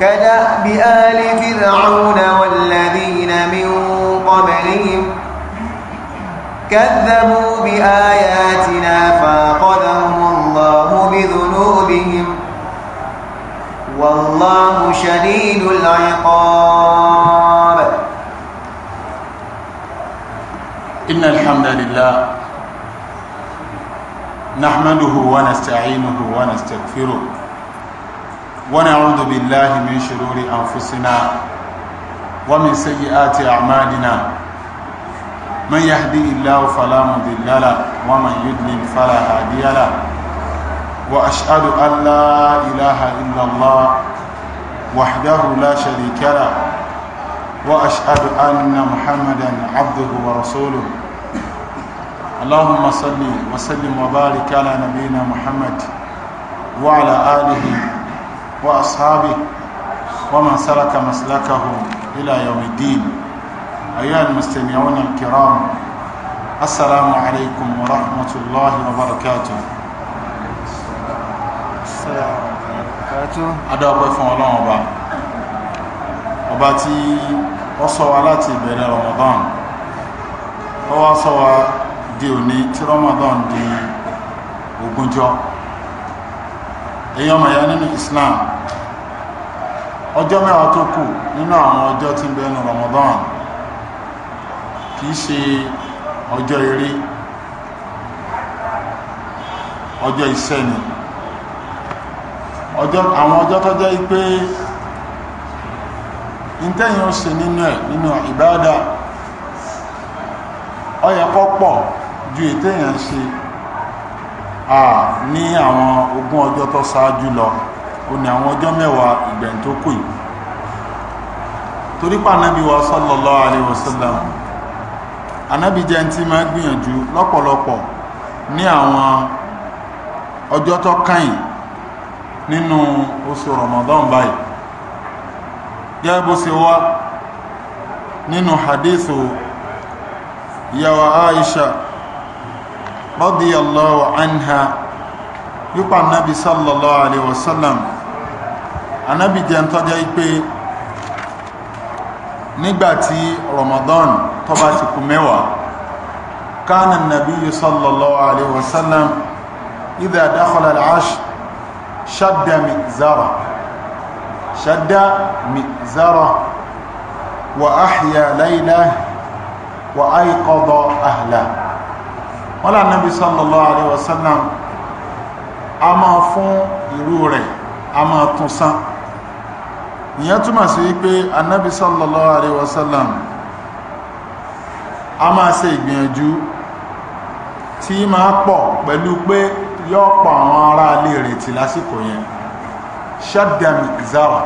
كدأب آل فرعون والذين من قبلهم كذبوا بآياتنا فأخذهم الله بذنوبهم والله شديد العقاب إن الحمد لله نحمده ونستعينه ونستغفره ونعوذ بالله من شرور أنفسنا ومن سيئات أعمالنا من يهدي الله فلا مضل له ومن يضلل فلا هادي له وأشهد أن لا إله إلا الله وحده لا شريك له وأشهد أن محمدا عبده ورسوله اللهم صل وسلم وبارك على نبينا محمد وعلى آله وأصحابه ومن سلك مسلكهم إلى يوم الدين أيها المستمعون الكرام السلام عليكم ورحمة الله وبركاته السلام عليكم أدعو فون الله أبا أبا تي وصوى لاتي بين رمضان وصوى ديوني تي رمضان دي ogunjọ èyàn mọ̀ ya nínú Islam ọjọ́ mẹ́wàá tó kù nínú àwọn ọjọ́ tí ń bẹnu Ramadan kì í ṣe ọjọ́ eré ọjọ́ iṣẹ́ ni àwọn ọjọ́ tó jẹ́ pé ìtẹ́yìn ó ṣe nínú ẹ̀ nínú ìbáadà ó yẹ kó pọ̀ ju ìtẹ́yìn ṣe ní àwọn ogún ọjọ́ tó ṣáájú lọ. o ní àwọn ọjọ́ mẹ́wàá ìgbẹ̀yìn tó kù yìí torí pa wa sallallahu alaihi wasallam anábì jẹ́ ti máa gbìyànjú lọ́pọ̀lọpọ̀ ní àwọn ọjọ́ tó kàn nínú oṣù Ramadan báyìí gẹ́gẹ́ bó ṣe wá nínú hadithu ìyàwó Aisha radiyallahu anha yípa anábì sallallahu alaihi wasallam anábì jẹ́ ń tọ́jọ́ pé nígbàtí Ramadan tó bá ti kù mẹ́wàá kánà nàbí sallallahu alaihi wasallam idha dakhala al-ashr shadda mi'zara shadda mi'zara wa ahya laylah wa ayqadha ahlah wọ́n lá nàbí sallallahu alaihi wasallam a máa fún ìrú rẹ̀ a máa tún ìyẹn túmọ̀ sí wípé anábi sallallahu alaihi wasallam a máa ṣe ìgbìyànjú tí máa pọ̀ pẹ̀lú pé yóò pọ̀ àwọn ará ilé rẹ̀ tì lásìkò yẹn shaddam zawa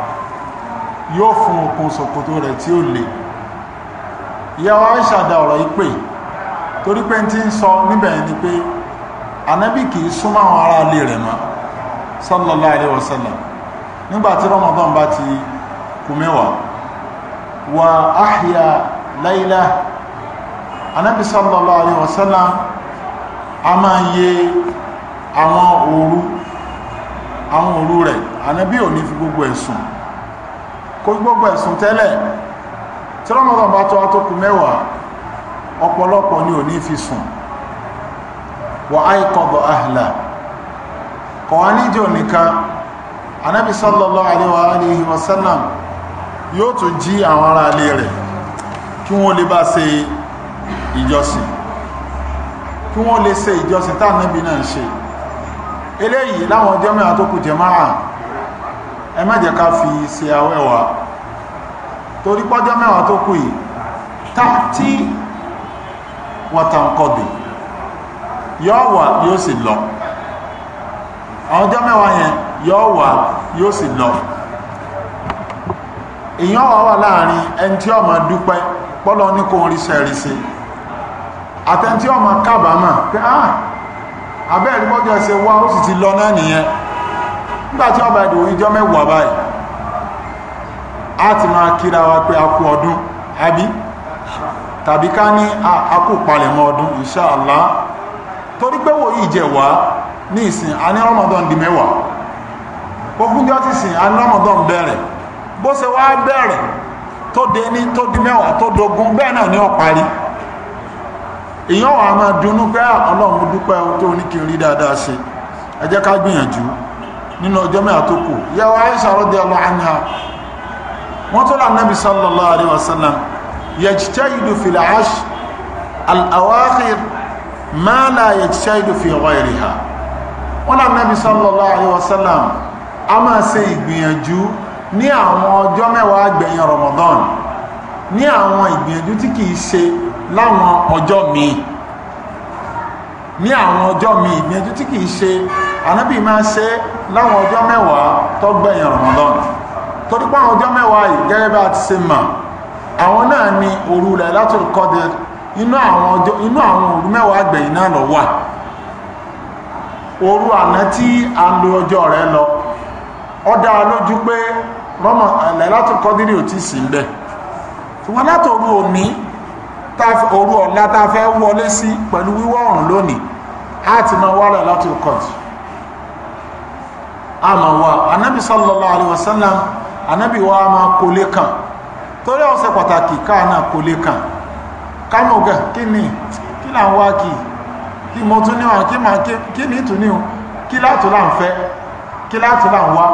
yóò fún okun ṣòkòtò rẹ̀ tí ó le ìyàwó aṣàdá ọ̀rọ̀ ìpè torí pé tí ń sọ níbẹ̀ ni pé anábì kì í súnmọ́ àwọn ará ilé rẹ̀ mọ́ sallallahu alaihi wasallam nígbàtí ramadan bá ti kú mẹ́wàá wa ahya layla anábi sallallahu alaihi wasallam a máa yẹ àwọn òru àwọn òru rẹ̀ anábi ò ní fi gbogbo ẹ̀sùn kó gbogbo ẹ̀sùn tẹ́lẹ̀ tí rọ́mọdọ̀ bá tọ́ tó kú mẹ́wàá ọ̀pọ̀lọpọ̀ ni ò ní fi sùn wa aikọdọ ahla kọ̀wání jẹ́ òníká anábi sallallahu alaihi wa yóò tún jí àwọn ará ilé rẹ̀ kí wọ́n lè bá ṣe ìjọsìn kí wọ́n lè ṣe ìjọsìn tá Ànábì náà ṣe eléyìí láwọn ọjọ́ mẹ́wàá tó kù jàmáà ẹ má jẹ́ ká fi ṣe awẹ́wà torí pọ́jọ́ mẹ́wàá tó kù yìí tí wọ́tàǹkọ̀dì yóò wà yóò sì lọ àwọn ọjọ́ mẹ́wàá yẹn yóò wà yóò sì lọ èyàn wà wà láàrin ẹni tí ó dúpẹ́ pọ́lọ́ ní kò ń ríṣẹ́ ríṣe tí ó máa pé ah abẹ́ẹ̀rí bọ́jọ́ ṣe wá ó sì ti lọ náà nìyẹn ọba ìjọ mẹ́wàá a ti máa kíra wa pé a kú ọdún àbí tàbí ká ní a insha torí pé wòye ìjẹ̀wá ní ìsìn a ní di mẹ́wàá gbogbo ti sìn bó ṣe wá bẹ̀rẹ̀ tó de ní tó di mẹ́wàá tó dogun bẹ́ẹ̀ náà ni ó parí èèyàn wà máa dunnú pé ah, ọlọ́run dúpẹ́ ohun tó ní kí n rí dáadáa ṣe ẹ jẹ́ ká gbìyànjú nínú ọjọ́ mẹ́wàá tó kù yàwó Aisha radiyallahu anha wọ́n tó lànà bí sallallahu alayhi wa sallam yajtahidu fil ash al-awakhir ma la yajtahidu fi ghayriha wọ́n lànà bí sallallahu alayhi sallam a máa ṣe ìgbìyànjú ní àwọn ọjọ́ mẹ́wàá gbẹ̀yìn Ramadan ní àwọn ìgbìyànjú tí kìí ṣe láwọn ọjọ́ mi ní àwọn ọjọ́ ìgbìyànjú tí kìí ṣe ànábì máa ṣe láwọn ọjọ́ mẹ́wàá tó gbẹ̀yìn Ramadan torí pé àwọn ọjọ́ mẹ́wàá gẹ́gẹ́ ṣe mọ̀ àwọn náà ni òru Lailatul Qadr inú àwọn inú àwọn òru mẹ́wàá gbẹ̀yìn náà lọ wà òru àná a lo ọjọ́ rẹ̀ lọ ọ dá lójú pé rọmọ lẹ́látù kọ́dírì ò tí sí bẹ́ẹ̀ ṣùgbọ́n látòru òní òru tá a wọlé sí pẹ̀lú wíwọ̀ ọ̀run lónìí a ti máa wá lẹ́látù a máa anábì wa máa kólé kan torí pàtàkì káà náà kólé kan kí ni kí wá kì í kí mo tún kí ni kí kí láti là ń wá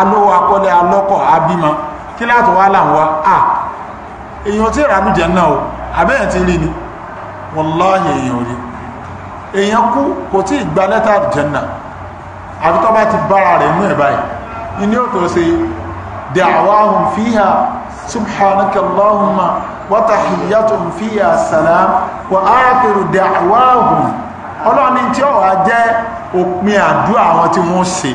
alówó akọ́lé alọ́kọ̀ abímọ kí láti wá là ń wá à èèyàn tí ìrànú jẹ náà o àbẹ́yẹn ti rí ni wọláyé èèyàn rí èèyàn kú kò tí ì gba lẹ́tà àlùjànnà àfi tó bá ti bára rẹ̀ mú ẹ̀ báyìí ilé ò tó ṣe da'wahum fiha subhanaka allahumma wa tahiyyatuhum fiha salam wa akhiru da'wahum ọlọ́ni tí ó jẹ́ òpin àdúrà àwọn tí wọ́n ṣe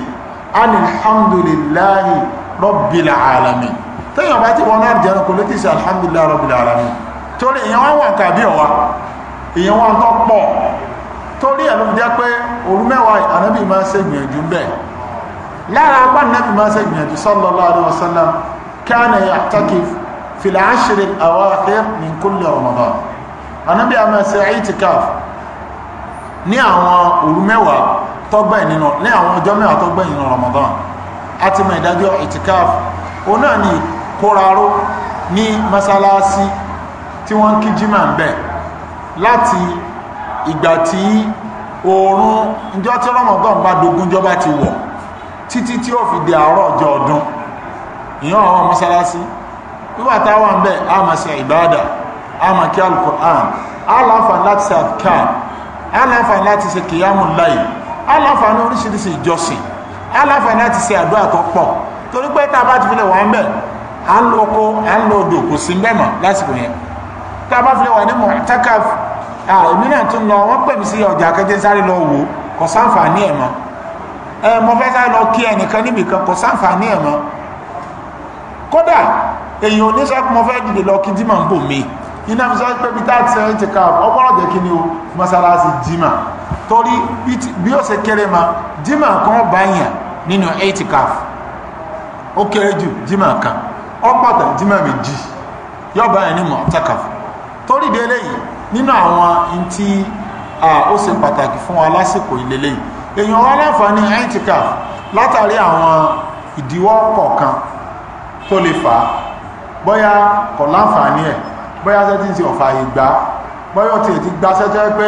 alhamdulillahi rabbil alamin tẹ́yìn ọba tí wọn náà jẹ́ ẹranko létí sí alhamdulillahi rabbil alamin torí èèyàn wọn wà nǹkan àbí ọ̀wá èèyàn wọn tó pọ̀ torí ẹ̀ ló fi jẹ́ pé òru mẹ́wàá ànábì máa ń ṣe gbìyànjú bẹ́ẹ̀ lára apá nàbì máa ń ṣe gbìyànjú sallallahu alaihi wasallam kana ya'takif fil ashr al-awakhir min kulli ramadan ànábì ṣe i'tikaf ní àwọn òru mẹ́wàá tọgbẹ́ nínú ní àwọn ọjọ́ mẹ́wàá tọgbẹ́ nínú Ramadan a ti mọ ìdájọ́ itikaf òun náà ni kóraró ní masalasi tí wọ́n kí jimá ń bẹ̀ láti ìgbà tí oorun ìjọ tí Ramadan bá ti wọ̀ títí tí ó fi di àárọ̀ ọjọ́ ọdún ìyàn àwọn wíwà a ìbáàdà láti ṣe láti ṣe kìyàmù aláfààní oríṣiríṣi ìjọsìn aláfààní àti ṣe àdúrà tó pọ̀ torí pé tá a bá ti fi lè wà ń bẹ̀ à ń lo oko à ń lo odò kò sí mẹ́mọ̀ lásìkò yẹn tá a bá fi lè wà ní mọ̀tákàf èmi náà tún lọ wọ́n pè mí sí ọjà kẹjẹ sáré lọ wò kò sáǹfààní ẹ̀ mọ́ ẹ mo fẹ́ sáré lọ kí ẹnìkan níbìkan kò sáǹfààní ẹ̀ mọ́ kódà èyàn oníṣẹ́ pọ́n fẹ́ dìde lọ kí dímà ń bò mí iná mi sọ pé bí táàtì sẹ́yìn ti ká ọgbọ́n ọ̀jẹ̀ kí ni o mọ́sálásí dímà torí bí ó ṣe kéré ma jimá kan bá yàn nínú eightikaf ó kéré jù jimá kan ó pàtà jimá méjì yóò bá yàn ní mọ̀tàkàf torí délé yìí nínú àwọn ntí ó ṣe pàtàkì fún wa lásìkò ìlélẹ́yìn èèyàn wá láǹfààní eightikaf látàrí àwọn ìdíwọ́ kọ̀ọ̀kan tó lè fà á bóyá kò láǹfààní ẹ̀ bóyá sẹ́tí ti ọ̀fà ìgbà bóyá ó ti gbà sẹ́tí pé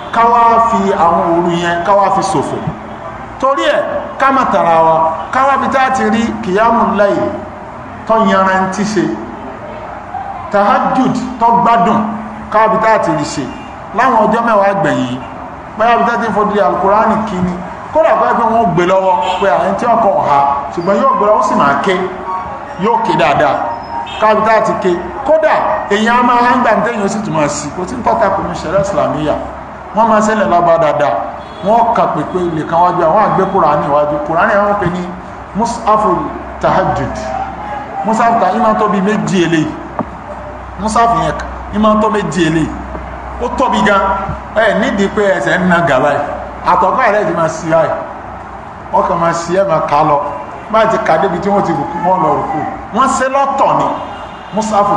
káwá fi àwọn òru yẹn káwá fi ṣòfò torí ẹ̀ ká má tara wa káwá fi tá a ti rí kìyàmù láyè tó yanrantí ṣe tahajud tó gbádùn káwá fi tá a ti rí ṣe láwọn ọjọ́ mẹ́wàá gbẹ̀yìn báyà fi tá a ti fọdí alukurani kíni kódà pé pé wọ́n gbé lọ́wọ́ pé àwọn tí ọkọ̀ ọ̀ha ṣùgbọ́n yóò gbé lọ́wọ́ sì máa ké yóò ké dáadáa káwá fi tá a ti ké kódà èèyàn á máa ń gbà tẹ́yìn ó sì tún sí kò tí ń tọ́ta kò ní ṣẹlẹ̀ ìsìlámíyà wọ́n máa ṣẹlẹ̀ lába dáadáa wọ́n kà ka lè kan wájú àwọn àgbẹ̀ kùránì wájú kùránì àwọn pè ní ta ìmọ̀ tó méjì eléyìí musafu yẹn ìmọ̀ tó méjì eléyìí ó tóbi gan ẹ nídìí pé ẹsẹ̀ ń na gàlá yìí àtọ̀kọ́ ẹ̀rẹ́ ti máa ṣí ma si máa ṣí ẹ̀ lọ ti kà débi tí wọ́n ti rùkú lọ rùkú wọ́n lọ́tọ̀ ni musafu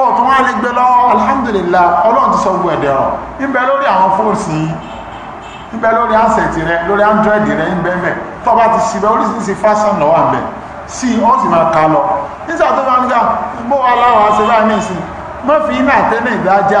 ọ̀tún wá lè gbé lọ alhamdulillah ọlọ́run ti sọ gbogbo ẹ̀dẹ̀ ọ̀ ń bẹ lórí àwọn fóòsì ń bẹ lórí asẹ̀tì rẹ lórí android rẹ ń bẹ mẹ́ tọ́ba ti ṣì bẹ oríṣiríṣi fashion lọ́wọ́ àbẹ̀ sí ọ́ máa ka lọ nígbà tó bá ń gbà gbó aláwọ̀ aṣọ báyìí ní fi iná àtẹ́lẹ̀ ìdájà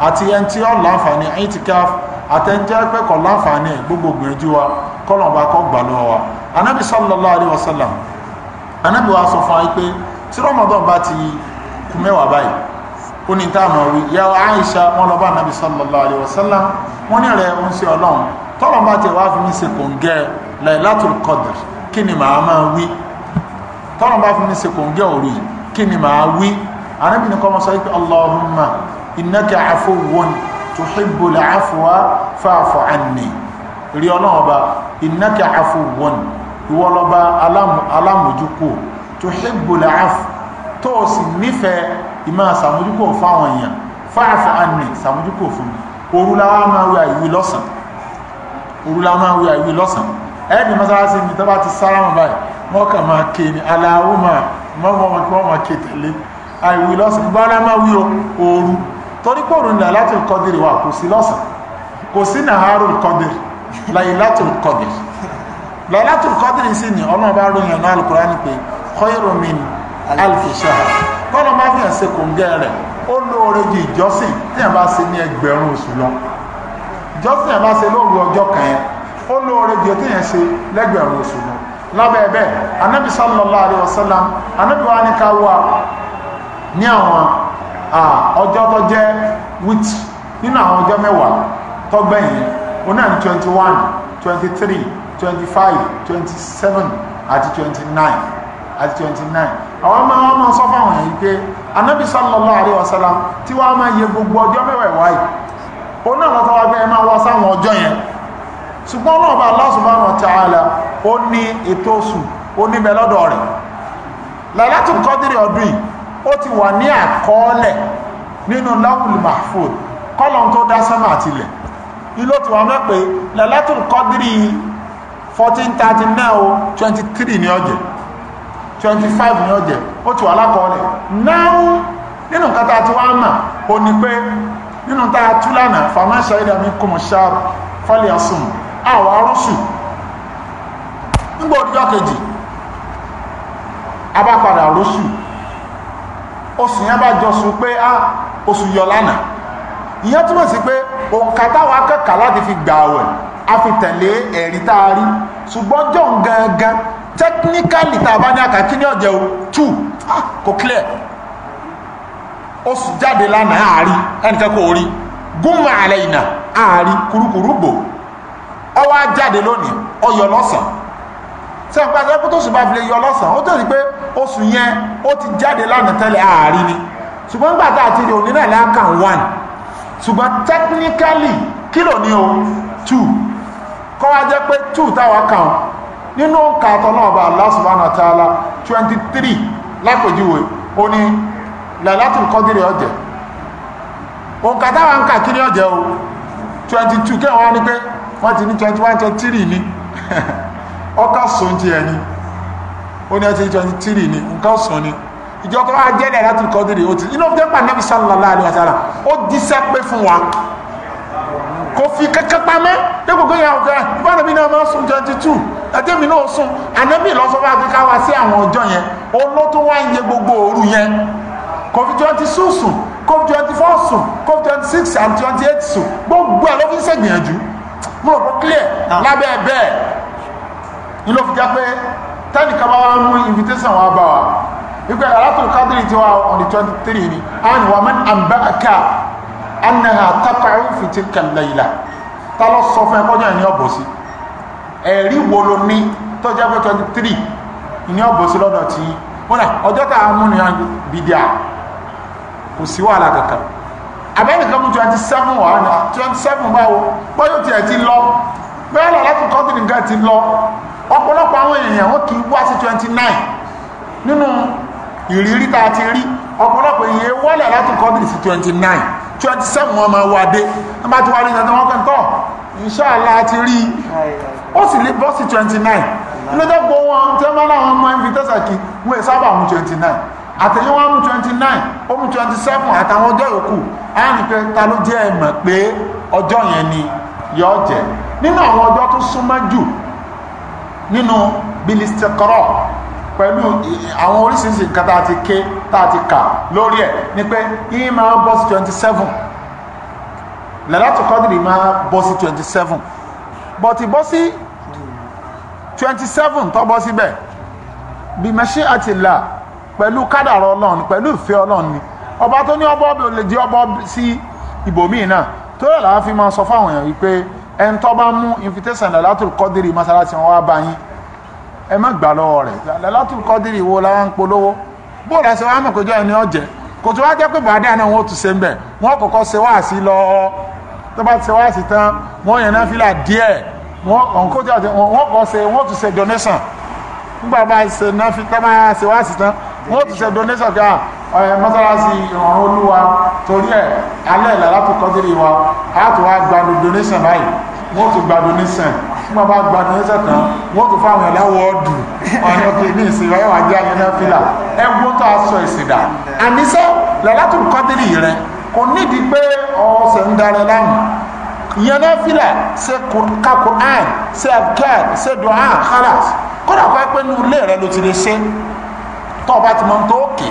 àti ẹn tí ó láǹfààní itikaf àtẹnjẹ́ pé kò láǹfààní gbogbo gbìyànjú wa kọ́lọ̀ bá kọ́ gbà lọ́wọ́ wa anábì sallallahu alaihi wasallam anábì wa sọ fún wa pé tí ramadan bá ti kù mẹ́wàá báyìí ó ní tá a mọ̀ wí ya Aisha wọn lọ bá anábì sallallahu alaihi wasallam wọn ní rẹ̀ ń ṣe ọlọ́run tọ́lọ̀ bá wá fi mí ṣe kòǹgẹ́ Lailatul Qadr kí ni màá máa wí tọ́lọ̀ bá fi mí ṣe kòǹgẹ́ òru yìí kí ni màá wí anábì ní kọ́ mọ́ sọ pé Allahumma innaka afuwun tuhibbul afwa fa'fu anni rí ọlọ́run ọba innaka afuwun ìwọ lọ́ba alámójúkò tuhibbul afwa tó o sì nífẹ̀ẹ́ ìmọ̀ sàmójúkò fáwọn èèyàn fa'fu anni sàmójúkò fún mi orúláwá máa wí àìwí lọ́sàn orúláwá máa wí àìwí lọ́sàn ẹni mọ́sálásí mi tó bá ti sára wọn báyìí wọ́n kàn máa ké ní aláwọ̀ máa mọ́mọ́ wọn kí wọ́n máa ké tẹ̀lé àìwí lọ́sàn gbọ́dá máa torí pé òru nílà láti kọdìrì wa kò sí lọ́sàn kò sí nàárù kọdìrì láyé láti kọdìrì láyé láti kọdìrì sí ni ọlọ́run bá ròyìn ọ̀nà alukurani pé khairun min alfi shahr kọ́nà máa fi hàn ṣe kò ń gẹ́ rẹ̀ ó lóore ju ìjọsìn tí a bá ṣe ní ẹgbẹ̀rún oṣù lọ ìjọsìn a bá ṣe lóru ọjọ́ kan yẹn ó lóore ju tí yẹn ṣe lẹ́gbẹ̀rún oṣù lọ lábẹ́ ẹ̀bẹ́ anabi sallallahu alayhi wa sallam anabi wa ni ká wà ní àwọn ọjọ́ tó jẹ́ wit nínú àwọn ọjọ́ mẹ́wàá tó gbẹ̀yìn ó náà ní one twenty àti twenty àti twenty àwọn ọmọ ọmọ sọ fáwọn èèyàn pé anábì sallallahu alaihi tí wọ́n máa yẹ gbogbo ọjọ́ mẹ́wàá wáyé O náà lọ́tọ́ wá pé ẹ máa wá sáwọn ọjọ́ yẹn ṣùgbọ́n náà bá ó ní ètò oṣù ó níbẹ̀ lọ́dọ̀ rẹ̀ ó ti wà ní àkọọ́lẹ̀ nínú lawul mahfud kọ́lọ̀n tó dá sánmà àtìlẹ̀ ilé tí wọ́n mọ̀ pé lẹ́lẹ́tùn kọ́dírì 1439 o 23 ní ọjẹ́ 25 ní ọjẹ́ ó ti wà lákọọ́lẹ̀ náà nínú nǹkan tá a ti wá ó ní pé nínú tá a tú lánàá fàmáṣà ilẹ̀ mi kò mọ̀ ṣáà fọ́lẹ̀ ọ̀sùn àwọn arúṣù nígbà òdíjọ́ kejì abápadà arúṣù oṣù yẹn bá jọ pé á ah, oṣù yọ lánàá ìyẹn túmọ̀ sí pé òǹkà táwọn láti fi gbà awọ a fi tẹ̀lé ẹ̀rí tá a rí ṣùgbọ́n jọ̀ọ́ gangan technically tá a bá ní àkàkí ní ọ̀jẹ̀ o two ah, kò clear oṣù jáde lánàá àárí ẹnìkan kò rí gúnmọ̀ àlẹ́ ìnà àárí kúrúkúrú bò ọwọ́ á jáde lónìí ọyọ lọ́sàn-án ṣe àpá àtàkùn tó sì bá fi lè yọ lọ́sàn-án ó tẹ̀lé pé oṣù yẹn ó ti jáde lánàá tẹ́lẹ̀ ààrí ni ṣùgbọ́n nígbà tá àti òní náà lákàn one ṣùgbọ́n technically kílò ni o two kọ́ wá jẹ́ pé two táwa kàn nínú òǹkà àtọ́nà ọba Allah subhanahu wa twenty three lápèjúwe ó ní Lailatul Qadr ọ̀jẹ̀ òǹkà táwa ń kà kiri ọ̀jẹ̀ o twenty two kẹ́wọ́n wá ní pé wọ́n ti ní twenty one twenty three ni ọkà sùn ti ẹni ó ní ẹtí twenty three ni nǹkan sùn ni ìjọba wa jẹ́ ní ẹ̀dátù kọ́dìrì ó ti inú ọ̀dẹ́pà nẹ́bí sallallahu alaihi wasallam ó díṣẹ́ pé fún wa kò fi kẹ́kẹ́ pamẹ́ dépò pé ìyá ọ̀gá ìbára mi náà máa ń sùn twenty two ẹ̀dẹ́ mi náà sùn ànábì lọ́sọ́fà kíká wá sí àwọn ọjọ́ yẹn olótó wá ń yẹ gbogbo òru yẹn kò fi twenty two sùn kò fi twenty four sùn kò fi twenty six and twenty eight sùn gbogbo ẹ̀ ló fi ń ṣègbìyànjú mo rò pé clear ah. lábẹ́ bẹ́ẹ̀ ní ló fi jẹ́ pé tẹ́nìkan bá wá mú invitation wá bá wa wípé alákùnrin kádìrì tí wà on the twenty three ni a ní wà mẹ́ni àmbá àká anaha taqa'u fi tilka al-layla ta lọ sọ fún ẹ kọjá ìní ọ̀bọ̀ sí ẹ̀rí wo ló ní tó pé twenty three ìní ọ̀bọ̀ sí lọ́dọ̀ tí wọn náà ọjọ́ tá a mú ni bìdíà kò sí wàhálà kankan abẹ́nìkan mú twenty seven wàhálà twenty seven báwo báyọ̀ tiẹ̀ ti lọ bẹ́ẹ̀ lọ́la fún kọ́ńtìrì nǹkan ti lọ ọ̀pọ̀lọpọ̀ àwọn èèyàn wọ́n kìí wá sí 29 nínú ìrírí tá a ti rí ọ̀pọ̀lọpọ̀ èèyàn wọ́lẹ̀ láti kọ́dìrì sí 29 27 wọn máa wà dé wọ́n bá ti wá rí ìjọba wọn kàn tọ́ ìṣáàlá ti rí ó sì lè bọ́ sí 29 lọ́jọ́ gbọ́ wọn tí wọ́n bá láwọn ọmọ invitation kí wọ́n sábà mú 29 àtẹ̀yìn wọn mú 29 ó mú 27 àtàwọn ọjọ́ yòókù á ní pé ta ló jẹ́ ẹ̀mọ̀ pé ọjọ́ yẹn ni yọ jẹ́ nínú àwọn ọjọ́ tó súnmọ́ jù nínú bilistikọrọ pẹ̀lú eh, àwọn oríṣiríṣi nǹkan tá a ti ké tá a ti kà lórí ẹ̀ ni pé yìí máa bọ́ sí twenty seven lẹ́látò kọ́dìrì máa bọ́ 27 twenty seven bọ́tì bọ́ sí twenty seven tó bọ́ síbẹ̀ bí mẹ́ṣí àti là pẹ̀lú kádàrọ̀ ọlọ́run pẹ̀lú ìfẹ́ ọlọ́run ni ọba tó ní ọbọ̀ lè jẹ́ ọbọ̀ sí ibòmíì náà tó yẹ làá fi máa sọ fáwọn èèyàn wípé ẹn tó bá mú invitation lẹ́látùl kọ́dìrì masalasi wọn wá báyìí ẹ má gbà lọ́wọ́ rẹ̀ lẹ́látùl kọ́dìrì wo la ń polówó bó la ṣe wá mọ̀ kójọ́ ẹni ọ̀jẹ̀ kò tó wá jẹ́ pé bàdá náà wọ́n tún ṣe ń bẹ̀ wọ́n kọ́kọ́ ṣe wá sí lọ tó bá ṣe wá sí tán wọ́n yẹn náà fílà díẹ̀ wọ́n kọ́ ṣe wọ́n tún ṣe donation nígbà bá ṣe náà fi tán wọ́n tún ṣe donation kí mọ́sálásí ìrọ̀rùn olúwa torí ẹ̀ alẹ́ ìlàlá tó kọ́dírì wa a tó wá gba donation báyìí wọ́n tó gba donation wọ́n bá gba donation tán wọ́n tó fáwọn ìláwọ̀ ọ̀dù ọ̀nà òkè ní ìsìn rẹ̀ wà jẹ́ ayẹyẹ fìlà ẹgbọ́n tó aṣọ ìsìdá àníṣe ìlàlá tó kọ́dírì rẹ kò nídìí pé ọ̀sẹ̀ ń darẹ lánàá ìyẹn náà fìlà ṣe ka Quran ṣe abdul ṣe dua khalas kódà kọ́ ẹ pé inú ilé rẹ ló ti lè ṣe tọ́ ọ bá ti mọ tó kì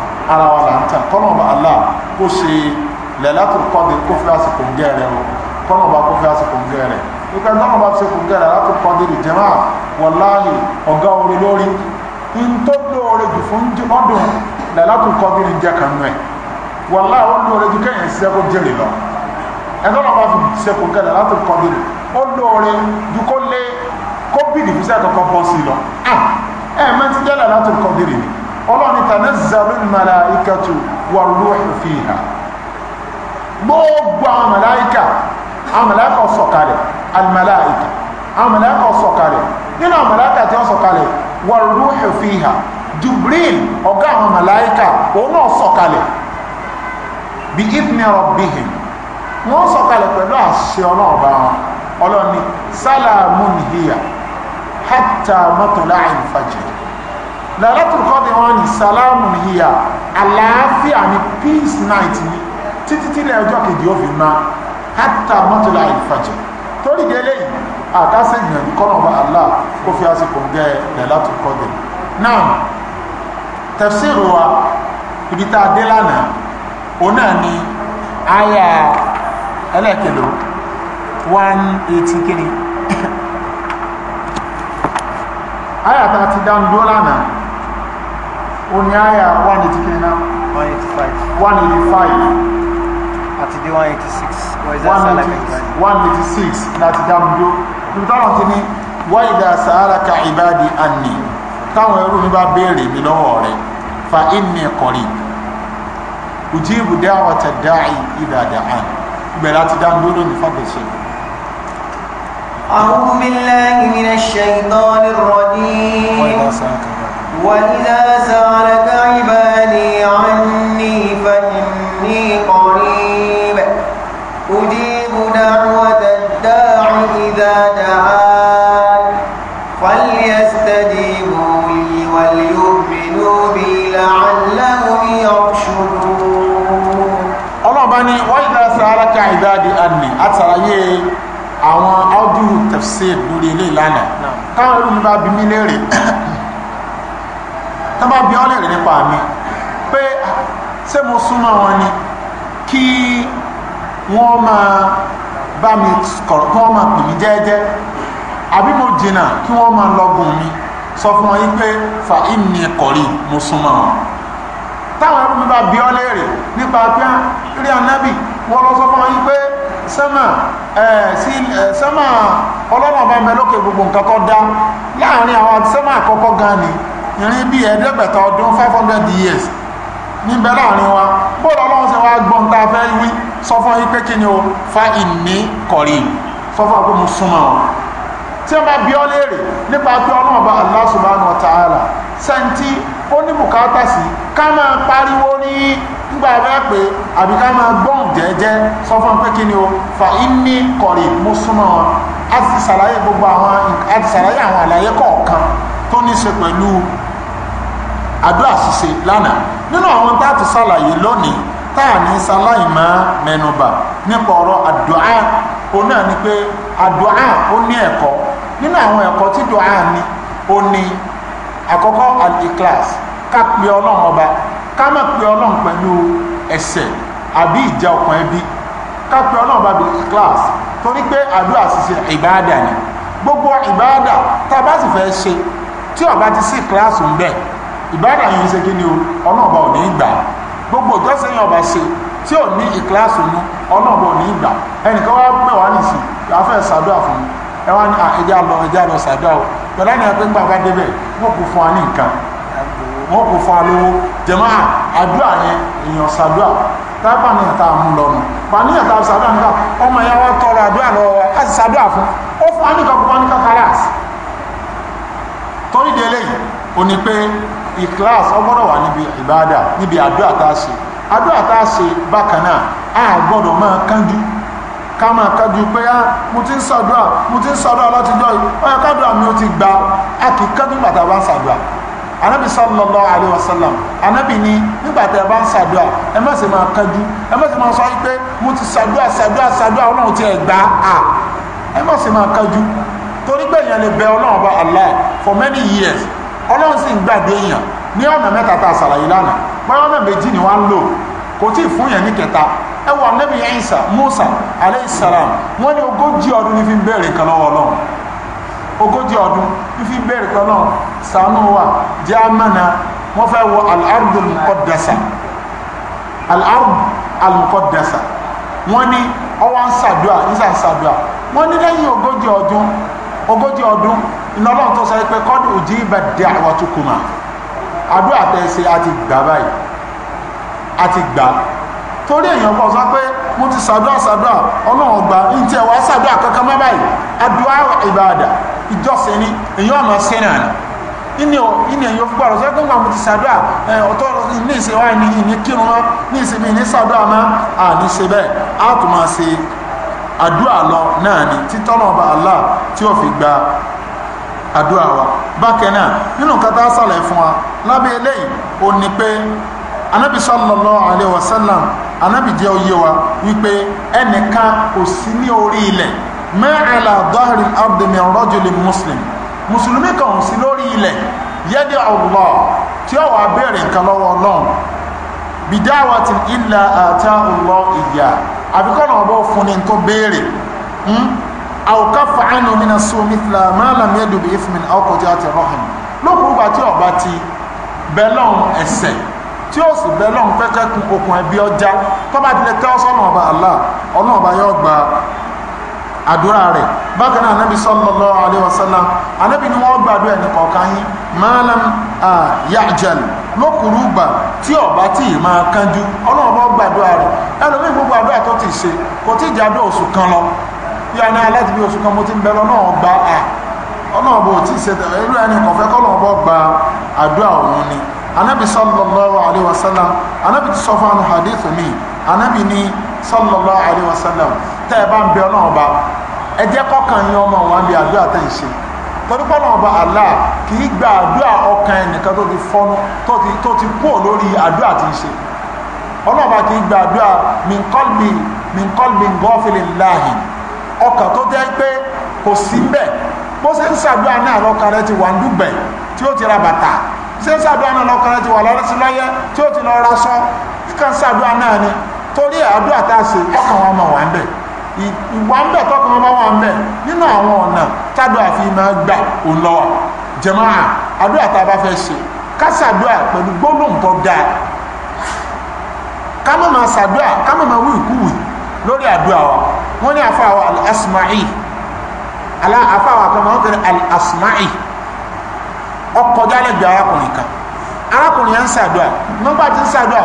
ara wa là ń tàn kọ́nà ọba Allah se ṣe lẹ́látùn kọ́dé kó fi àsìkò ń gẹ̀rẹ̀ o kọ́nà ọba kó fi àsìkò ń gẹ̀rẹ̀ o tọ́nà ọba fi àsìkò ń o lẹ́látùn kọ́dé lè jẹ́ máa wọláàyè ọ̀gá orin lórí in tó lóore jù fún ọdún lẹ́látùn o lè jẹ́ kan nù ẹ̀ wọláà ó lóore jù kẹ́yìn sí ẹkọ jẹ́rìí lọ ẹ̀tọ́nà ọba fi àsìkò ń gẹ̀rẹ̀ lẹ́látùn kọ́dé lè ó lóore jù kó lé kó bìdì fún sẹ́ẹ̀kọ́ kọ́ bọ́ sí lọ ah! ẹ̀ẹ́mẹ́tí jẹ́ lẹ́látùn kọ́dé lè ní ọlọ́ni tanazzalu al-malaikatu war-ruhu fiha gbogbo àwọn màláìkà àwọn màláìkà ọ̀sọ̀kalẹ̀ al-malaika àwọn màláìkà ọ̀sọ̀kalẹ̀ nínú àwọn màláìkà tí wọ́n sọ̀kalẹ̀ war-ruhu fiha Jibril ọ̀gá àwọn màláìkà òun náà sọ̀kalẹ̀ bi idni rabbihim wọ́n sọ̀kalẹ̀ pẹ̀lú àṣẹ ọlọ́ọ̀bá wọn ọlọ́ni salamun hiya hatta matla'i al lẹ́lẹ́tùn kọ́dí wọn ni salamu hiya àlàáfíà ni peace night ni títí tí ilẹ̀ ọjọ́ kejì ó fi ma hátà mọ́tòlá ìfàjẹ́ torí délé yìí àdáṣe ìyànjú kọ́nà ọba Allah kó fi àsìkò gẹ lẹ́lẹ́tùn kọ́dí náà tafsiru wa ibi tá a dé lánàá òun náà ni àyà ẹlẹ́kẹ̀lò one eighty kìíní àyà tá a ti dá ń oní àyà 185 185 àti dé 186 186 láti dámúdó níbi táwọn ti ní wá ìdá sàáràkà ìbádi àní táwọn ẹrú mi bá béèrè mi lọ́wọ́ rẹ̀ fa inni qarib ujibu da'wata da'i idha da'an ìgbẹ̀ láti dámúdó lónìí fàbẹ̀ṣẹ̀ أعوذ بالله من الشيطان الرجيم وإذا سألك وإذا سألك عبادي عني فإني قريب أجيب دعوة الداع إذا دعان فليستجيبوا لي وليؤمنوا بي لعلهم يرشدون الله بني وإذا سألك عبادي عني أترى àwọn áudio tafsir lórí ilé ìlànà káwọn olùbá bí mí léèrè tó bá bi ọ́ nípa mi pé ṣé mo súnmọ́ wọn ni kí wọ́n máa bá mi kọ̀rọ̀ kí wọ́n máa pè mí jẹ́ẹ́jẹ́ àbí mo jìnnà kí wọ́n máa lọ́gùn mi sọ fún wọn pé fa ìní kọ̀rí mo súnmọ́ wọn táwọn ẹrú mi bá bi ọ́ léèrè nípa pé rí anábì wọ́n lọ sọ fún wọn yìí pé sẹ́mà sí sẹ́mà ọlọ́run ọba mẹ́lókè gbogbo nǹkan kọ́ dá láàrin àwọn sẹ́mà àkọ́kọ́ gan ni ìrìn bí ẹ̀ẹ́dẹ́gbẹ̀ta ọdún 500 years níbẹ̀ láàrin wa bóòlù ọlọ́run ṣe wá gbọ́n tá a fẹ́ wí sọ fún yín pé kí ni o fa ìní kọ̀rí sọ fún àpò mo súnmọ́ ọ tí wọ́n bá bí ọ léèrè nípa pé ọlọ́run bá Allah subhanahu wa ta'ala sẹ́ńtì ó ní bùkátà sí ká máa pariwo ní nígbà bẹ́ẹ̀ pé àbí ká máa gbọ́n jẹ́jẹ́ sọ fún pé kí ni o fa ìní kọ̀rí mo súnmọ́ ọ a ti ṣàlàyé gbogbo àwọn a ti ṣàlàyé àwọn àlàyé kọ̀ọ̀kan tó ní ṣe pẹ̀lú àdúrà ṣíṣe lánàá nínú àwọn tá a ti ṣàlàyé lónìí tá a ní ṣaláì máa mẹ́nubà nípa ọ̀rọ̀ àdúà òun náà ni pé àdúà ó ní ẹ̀kọ́ nínú àwọn ẹ̀kọ́ tí dùà ní ó ní àkọ́kọ́ al-ikhlas ká pe ọlọ́run ọba ká má pe ọlọ́run pẹ̀lú ẹ̀ṣẹ̀ àbí ìjà ọkàn ẹbí ká pe ọlọ́run ọba bil ikhlas torí pé àdúrà ṣíṣe ìbáàdà ni gbogbo ìbáàdà tá a bá sì fẹ́ ṣe tí ó ti sí ikhlas ń bẹ́ẹ̀ ìbára yìí ṣe kí ni o ọlọ́ọ̀bá ò ní gbà gbogbo ìjọsìn yìí ọba ṣe tí ò ní ìkíláàsì nu ọlọ́ọ̀bá ò ní gbà ẹnìkan wá pè wá nìsí afẹ́ sàdúà fún mi ẹ wá ní ẹjá lọ ẹjá lọ sàdúà o pẹ̀lú ẹni pé gbàgbá débẹ̀ wọ́n kò fún wa ní nǹkan wọ́n kò fún wa lówó jẹ̀mọ́ àdúrà yẹn èèyàn sàdúà tábà náà tá a mú lọ nù a sàdúà nípa ọmọ ìyá wa tọrọ àdúrà lọ́wọ́ wa á sì sàdúà fún ó fún wa ní kankan ní kankan láàsì torí di eléyìí ò ní pé ìkíláàs ọgbọ́dọ̀ wà níbi ìbáadà níbi àdúrà tá a ṣe àdúrà tá a ṣe bákan náà a gbọ́dọ̀ máa kánjú ká máa kánjú pé á ah, mo ti ń sàdúrà mo ti ń sàdúrà látijọ́ yìí ọyọ kádùrà mi ò ti gba a kì í kánjú nígbà tá a bá ń sàdúrà anabi sallallahu alayhi wa sallam anabi ni nígbà a bá ń sàdúrà ẹ má ṣe máa kánjú ẹ má ṣe máa sọ pé mo ti sàdúrà sàdúrà sàdúrà ọlọ́run ti ẹ̀ gbà á ẹ má ṣe máa kánjú torí pé èèyàn lè bẹ ọlọ́run bá Allah for many years ọlọ́run sì ń gbàgbé èèyàn ní ọ̀nà mẹ́ta tá a ṣàlàyé lánàá báyọ̀ ọ̀nà méjì ni wọ́n ń lò kò tí ì fún yẹn ní kẹta ẹ wọ anabi Isa Musa alayhi salam wọ́n ní ogójì ọdún ní fi ń bẹ̀rẹ̀ kan lọ́wọ́ ọlọ́run ogójì ọdún ní fi ń bẹ̀rẹ̀ kan lọ́wọ́ sànú wa jẹ́ amánà wọ́n fẹ́ wọ al-ardu al-muqaddasa al-ardu al-muqaddasa wọ́n ní ọwọ́ ń ṣàdúà ń ṣàdúà wọ́n ní lẹ́yìn ogójì ọdún ogójì ọdún lọ́lọ́run tó sọ pé kọ́dù òjì ìbà dé àwọn tó kùmà àdúrà tẹ́ ṣe àti gbà báyìí àti gbà torí èèyàn kan sọ pé mo ti ṣàdúrà ṣàdúrà ọlọ́run gba ní tí ẹ wá ṣàdúrà kankan má báyìí àdúrà ìbàdà ìjọsìn ni èèyàn àmọ́ sínú àná ní ọ ẹ̀yọ́ fún gbọ́dọ̀ sọ́kùn kan mo ti ṣàdúrà ọ̀tọ́ ní ìṣe wa ní ìní kírun mọ́ ní ìsinmi ní ṣàdúrà mọ́ àní ṣe bẹ́ẹ̀ á tún máa ṣe àdúrà lọ náà ni títọ́nà ọba Allah tí ó fi gba àdúrà wa bákan náà nínú nǹkan tá a sàlẹ̀ fún wa lábẹ́ eléyìí ó ní pé anabi sallallahu alayhi wa sallam anabi jẹ́ oyé wa wípé ẹnìkan kò sí ní orí ilẹ̀ ma ala dahri al-ardi min rajulin muslim mùsùlùmí kan ò sí lórí ilẹ̀ yẹ́dẹ̀ Allah tí ó wàá béèrè nǹkan lọ́wọ́ ọlọ́run bidawatin illa ata Allah ìyá àbíkọ́nà ọ̀bọ̀ fún ni tó béèrè hmm? aw kafa anu mina so mitla ma lam yadu bi ifmin aw qati'ati rahim lokuru ba tí ó bá ti belon ẹ̀ṣẹ̀ tí ó sì belon keke kun okùn ẹbí ọjà tó bá ti lè tẹ́ sọ́nà ọba allah ọ̀nà ọba yó gba àdúrà rẹ̀ bákan náà nabi sallallahu alaihi wasallam anabi ni wọ́n gba àdúrà ẹni kọ̀ọ̀kan yín ma lam ya'jal lókùrú gbà tí ọba tí ì máa kánjú ọlọ́run bọ́ gbàdúrà rẹ̀ ẹlòmíì gbogbo àdúrà tó ti ṣe kò tí ìjà àdúrà kan lọ bí ọ̀nà aláti bí oṣù kan mo ti ń bẹ̀rọ náà gba à ọlọ́ọ̀bọ̀ tí ìṣẹ̀tẹ̀ irú ẹni kò fẹ́ kọ́lọ̀ọ̀bọ̀ gba àdúrà òun ni anábì sallallahu alaihi wasallam anábì ti sọ fún hadith mi anábì ni sallallahu alaihi wasallam tẹ́ ẹ bá ń bẹ ọlọ́ọ̀ba ẹ jẹ́ yín ọmọ wọn bí àdúrà tẹ̀ ń ṣe torí pọ́lọ́ọ̀ba Allah kì í gba àdúrà ọkàn ẹnìkan tó ti fọ́nú tó ti kúò lórí àdúrà tí ń ṣe ọlọ́ọ̀ba kì í gba àdúrà min qalbi min qalbi gọ́fìlì láàyè ọkàn tó jẹ́ pé kò sí bẹ́ẹ̀ bó ṣe ń ṣàdúrà náà lọ́kàn rẹ ti wà ń dùgbẹ̀ tí ó ti ra bàtà ṣe ń ṣàdúrà náà lọ́kàn rẹ ti wà lọ́rẹ́sí lọ́yẹ́ tí ó ti lọ ra sọ ṣàdúrà náà ni torí àdúrà tá a ṣe ọkàn wọn máa wà ń bẹ̀ ìwà ń bẹ̀ tọkàn wọn bá wà ń bẹ̀ nínú àwọn ọ̀nà tádùá fi máa gbà òun lọ́wọ́ jàmáà àdúrà tá a bá fẹ́ ṣe ká ṣàdúrà pẹ̀lú gbólóhùn tó dáa ká má máa ṣàdúrà ká má máa wí ìkúwì lórí àdúrà wọ́n ní àfáwà al-asma'i àfáwà kan wọ́n kiri al-asma'i ọkọjá lẹ́gbẹ̀ẹ́ arákùnrin kan arákùnrin yẹn ń ṣàdúrà nígbà tí ń ṣàdúrà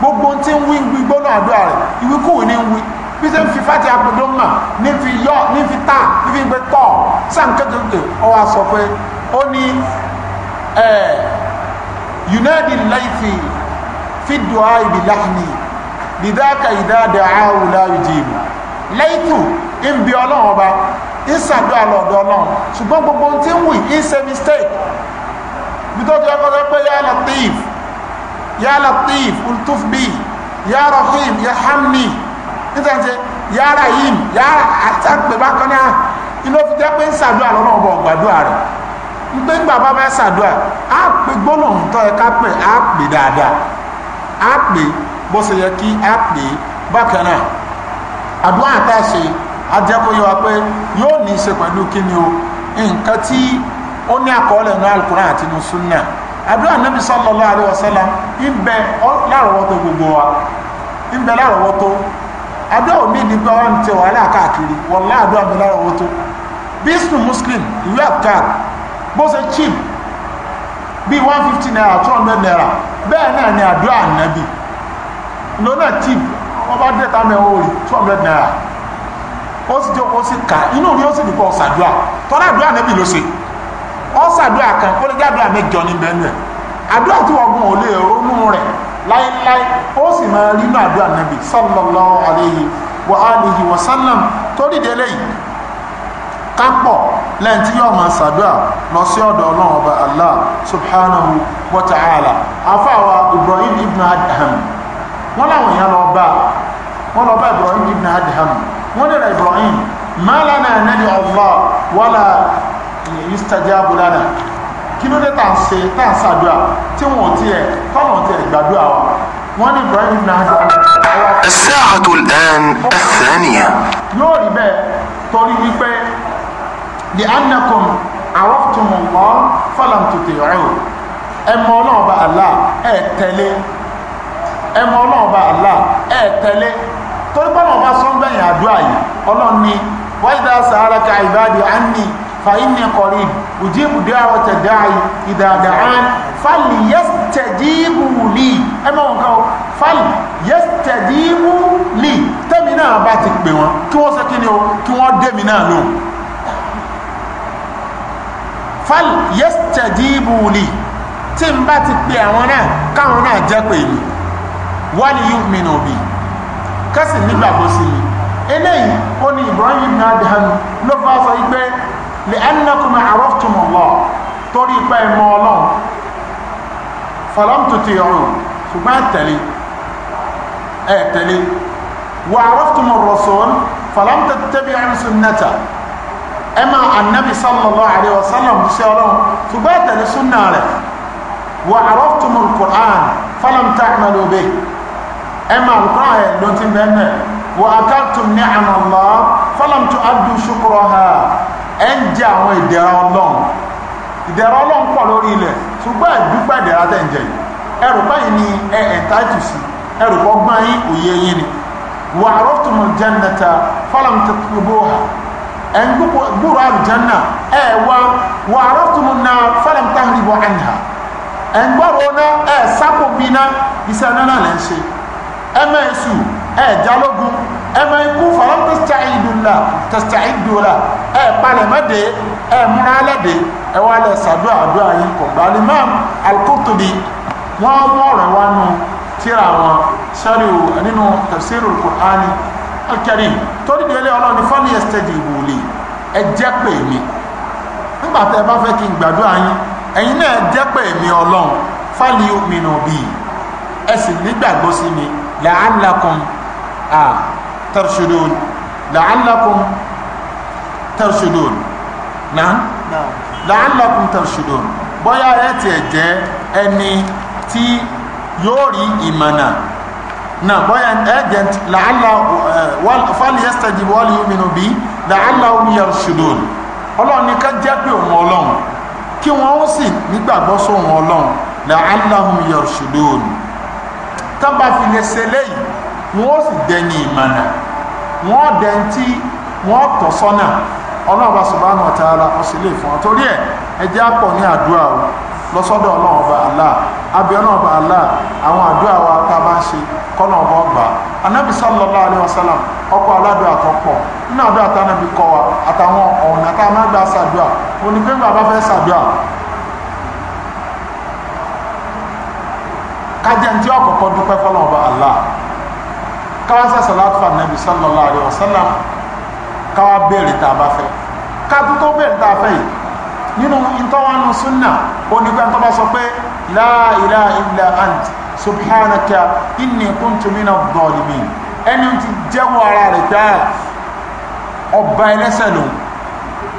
gbogbo tí ń wí gbígbóná àdúrà rẹ̀ ìwíkúwì ní ń wí bí sẹ́ ń fi fati akudoma ní fi yọ ní fi tà ní fi gbé tọ̀ sáà kékeré ọwọ́ sọ pé ó ní yunadi laifi fi du'a ibi lahni bidaka idada awu la yujibu lẹ́yìtù ń bi ọlọ́run ọba ń ṣàdúrà lọ́dọ̀ ọlọ́run ṣùgbọ́n gbogbo ohun tí ń wì ń ṣe mistake bí tó ti ọkọ̀ sọ pé yá latif yá latif ultuf bi yá rahim yá hamni nítorí yá rahim yá àtàgbẹ̀ bákan náà inú fi jẹ́ pé ń ṣàdúrà lọ́nà ọba ọ̀gbàdúrà rẹ̀ ń pé ńgbà bá bá ṣàdúrà á pè gbólóhùn tó ẹ ká pè á pè dáadáa á pè bó ṣe yẹ kí á pè bákan náà àdúrà tá a ṣe ajẹ́kọ̀ọ́ wa pé yóò ní í ṣe o nǹkan tí ó ní àkọọ́lẹ̀ ní alukura àti ní sunna àdúrà nabi sallallahu alayhi ń bẹ gbogbo wa ń bẹ lárọ̀ọ́wọ́tó àdúrà omi ní pé wọn ti wàhálà káàkiri wọlá àdúrà mi muslim ìwé àkàr bó ṣe cheap bíi one fifty naira two hundred naira bẹ́ẹ̀ náà ni àdúrà nàbì wọ́n bá dé tá mẹ́wọ́ rí two hundred naira ó sì jẹ́ ó sì kà inú rí ó sì dùkọ́ ṣàdúrà tọ́lá àdúrà nẹ́bì ló ṣe ó ṣàdúrà kan ó lè jẹ́ àdúrà mẹ́jọ ní bẹ́ẹ̀ àdúrà tí wọ́n gun ò lè ronú rẹ̀ láéláé ó sì máa rí inú àdúrà nẹ́bì sallallahu alayhi wa alihi wa sallam tó dìde lẹ́yìn kápọ̀ lẹ́yìn tí yóò máa ṣàdúrà lọ sí ọ̀dọ̀ ọlọ́run ọba allah subhanahu wa ta'ala afáwa ibrahim ibn adham wọ́n láwọn èèyàn lọ bá wọ́n lọ bá Ibrahim ibn Adham wọ́n lè ra Ibrahim málànà nadi Allah wala yustajabu lana kí ló dé tà ń ṣe tà ń ṣàdúrà tí wọn ò tiẹ̀ tọ́nà ò tiẹ̀ wa wọ́n ní Ibrahim ibn Adham. as-sa'atu al yóò rí bẹ́ẹ̀ torí wípé di annakum araftum Allah falam tuti'uhu ẹ mọ náà bá Allah ẹ tẹ̀lé ẹ mọ ọlọ́run bá àlá ẹ tẹ̀lé torí pé ọlọ́run bá sọ́ngbẹ̀yìn àdúrà yìí ọlọ́run ni wáyídá sàáràkà ìbáàdì àní fàínì kọ̀rí ùjíìbù dáwọ̀ tẹ̀dáì ìdàdà án fàlì yẹ́sítẹ̀dìbù lì ẹ mọ̀ nǹkan o fàlì yẹ́sítẹ̀dìbù lì tẹ́mi náà bá ti pè wọ́n kí wọ́n ṣe kí ni o kí wọ́n dẹ́mi náà lóhùn fàlì yẹ́sítẹ̀dìbù lì tí n bá ti pè àwọn náà káwọn náà jẹ́ pè mí wali yu'minu bi kẹ́sì nígbàgbọ́ sí i eléyìí ó ní Ibrahim náà dànù ló fà sọ pé li'annakum araftum Allah torí ipa ẹ̀mọ́ ọlọ́run falam tuti'u ṣùgbọ́n ẹ̀tẹ̀lé ẹ̀tẹ̀lé wa araftum ar-rasul falam tattabi'u sunnata ẹ máa annabi sallallahu alayhi wa sallam ṣe ọlọ́run ṣùgbọ́n wa araftum al-Qur'an falam ta'malu bihi ẹmà nǹkan ẹ̀ ló ti bẹ́ẹ̀ wà akaltum ni'ama Allah falam tu'addu shukraha ẹ̀ ń jẹ àwọn ìdẹ̀ra ọlọ́run ìdẹ̀ra ọlọ́run pọ̀ lórí ilẹ̀ ṣùgbọ́n ìdúpẹ́ ìdẹ̀ra tẹ̀ ń jẹ yìí ẹrù báyìí ni ẹ ẹ̀táìtù sí ẹrù ọgbọ́n yín òye yín ni wà araftumul jannata falam tatlubuha ẹ̀ ń gbúrò àlùjánà ẹ̀ wá wà araftumun nar falam tahribu anha ẹ̀ ń gbọ́rọ̀ náà ẹ̀ sápò bí náà iṣẹ́ ẹmẹ isu ẹ jalogun ẹmẹ ikú fọlọ́n tó ṣàìdù la tó ṣàìdù la ẹ palẹ̀mọ́dé ẹ múra lẹ́dẹ̀ ẹ wà lẹ sàdúrà àdúrà yìí kò gbà ní mọ́m Al-Qurtubi wọ́n mú ọ̀rọ̀ wa nù tíra wọn sọ́rí nínú tafsirul Qur'ani Al-Karim torí délé ọlọ́ni fọ́lì ẹ̀sítẹ́jì ìwòlè ẹ jẹ́ pè mí nígbà tẹ́ ẹ bá fẹ́ kí n gbàdúrà yín ẹ̀yin náà jẹ́ pè mí ọlọ́run fọ́lì yu'minu bíi ẹ sì nígbàgbọ́ sí mi la'allakum a tarshudun la'allakum tarshudun na la'allakum tarshudun bóyá ẹ tiẹ̀ jẹ́ ẹni tí yóò rí ìmọ̀nà náà bóyá ẹ jẹ́ la'alla falyastajibu wal yu'minu bi la'allahum yarshudun ọlọ́run ní ká jẹ́ pé òun ọlọ́run kí wọ́n ó sì nígbàgbọ́ sóhun ọlọ́run la'allahum yarshudun tán bá fi lè ṣe léyìí wọ́n sì dẹni ìmọ̀nà wọ́n dẹni tí wọ́n tọ̀ sọ́nà ọlọ́ọ̀bá subhanahu wa ta'ala ọ̀sẹ̀ lè fún ọ torí ẹ̀ ẹjẹ́ àpọ̀ ní àdúrà o lọ́sọ́dọ̀ ọlọ́run ọba Allah abẹ ọlọ́run ọba Allah àwọn àdúrà wa tá a bá ń ṣe kọ́nà ọba ọgbà anábì sallallahu alaihi wasallam ọkọ̀ aládùn àtọ́pọ̀ nínú àdúrà tá anábì kọ́ wa àtàwọn ọ̀nà tá a máa gbà ṣàdúrà onígbẹ́gbà bá fẹ́ ṣàdúrà kájẹ́ ní tí ọ̀kọ̀ọ̀kọ́ dúpẹ́ fọ́lọ́ ọba Allah káwá sẹ́sẹ̀ láti fà nàbì sallallahu alaihi wasallam káwá béèrè tá a bá fẹ́ ká tó tó béèrè tá a fẹ́ yìí nínú ìtọ́wánu súnà onígbà tó bá sọ pé la ilaha ant subhanaka inni kuntu mina dhalimin ẹni tí jẹ́wọ́ ara rẹ̀ pé ah, ọba ẹlẹ́sẹ̀ lòun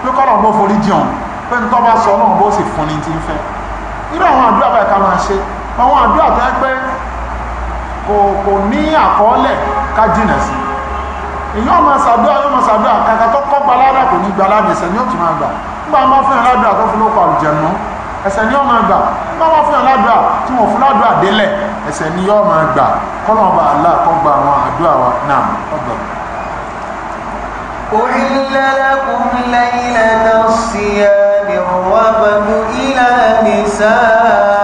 pé kọ́nà bó forí jẹun pé ń tọ́ bá sọ ọlọ́run bó sì fún ni ti ń fẹ́ irú àwọn àdúrà báyìí ká máa ṣe àwọn àdúrà tó yẹ pé kò kò ní àkọọ́lẹ̀ ká jìnà sí èyí ọmọ sàdúrà yóò mọ sàdúrà kàkà tó kọ́ gbaládà kò ní gbaládà ẹsẹ̀ ni ó ti máa gbà nígbà máa fún yàn ládùúrà tó fún lóko àlùjẹ̀nu ẹsẹ̀ ni ó máa gbà nígbà máa fún yàn ládùúrà tí wọ́n fún ládùúrà délẹ̀ ẹsẹ̀ ni ó máa gbà kọ́nà ọba àlá kọ́ gba àwọn àdúrà wa náà ọgbà. أحل لكم ليلة الصيام الرفث إلى نسائكم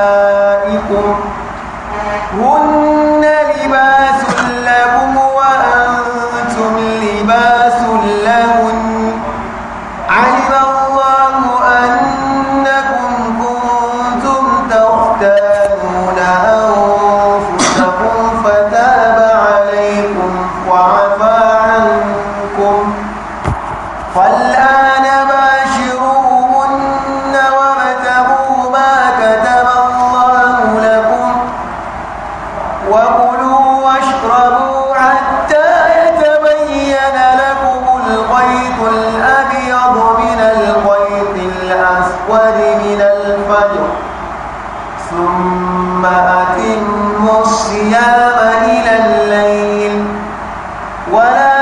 ولا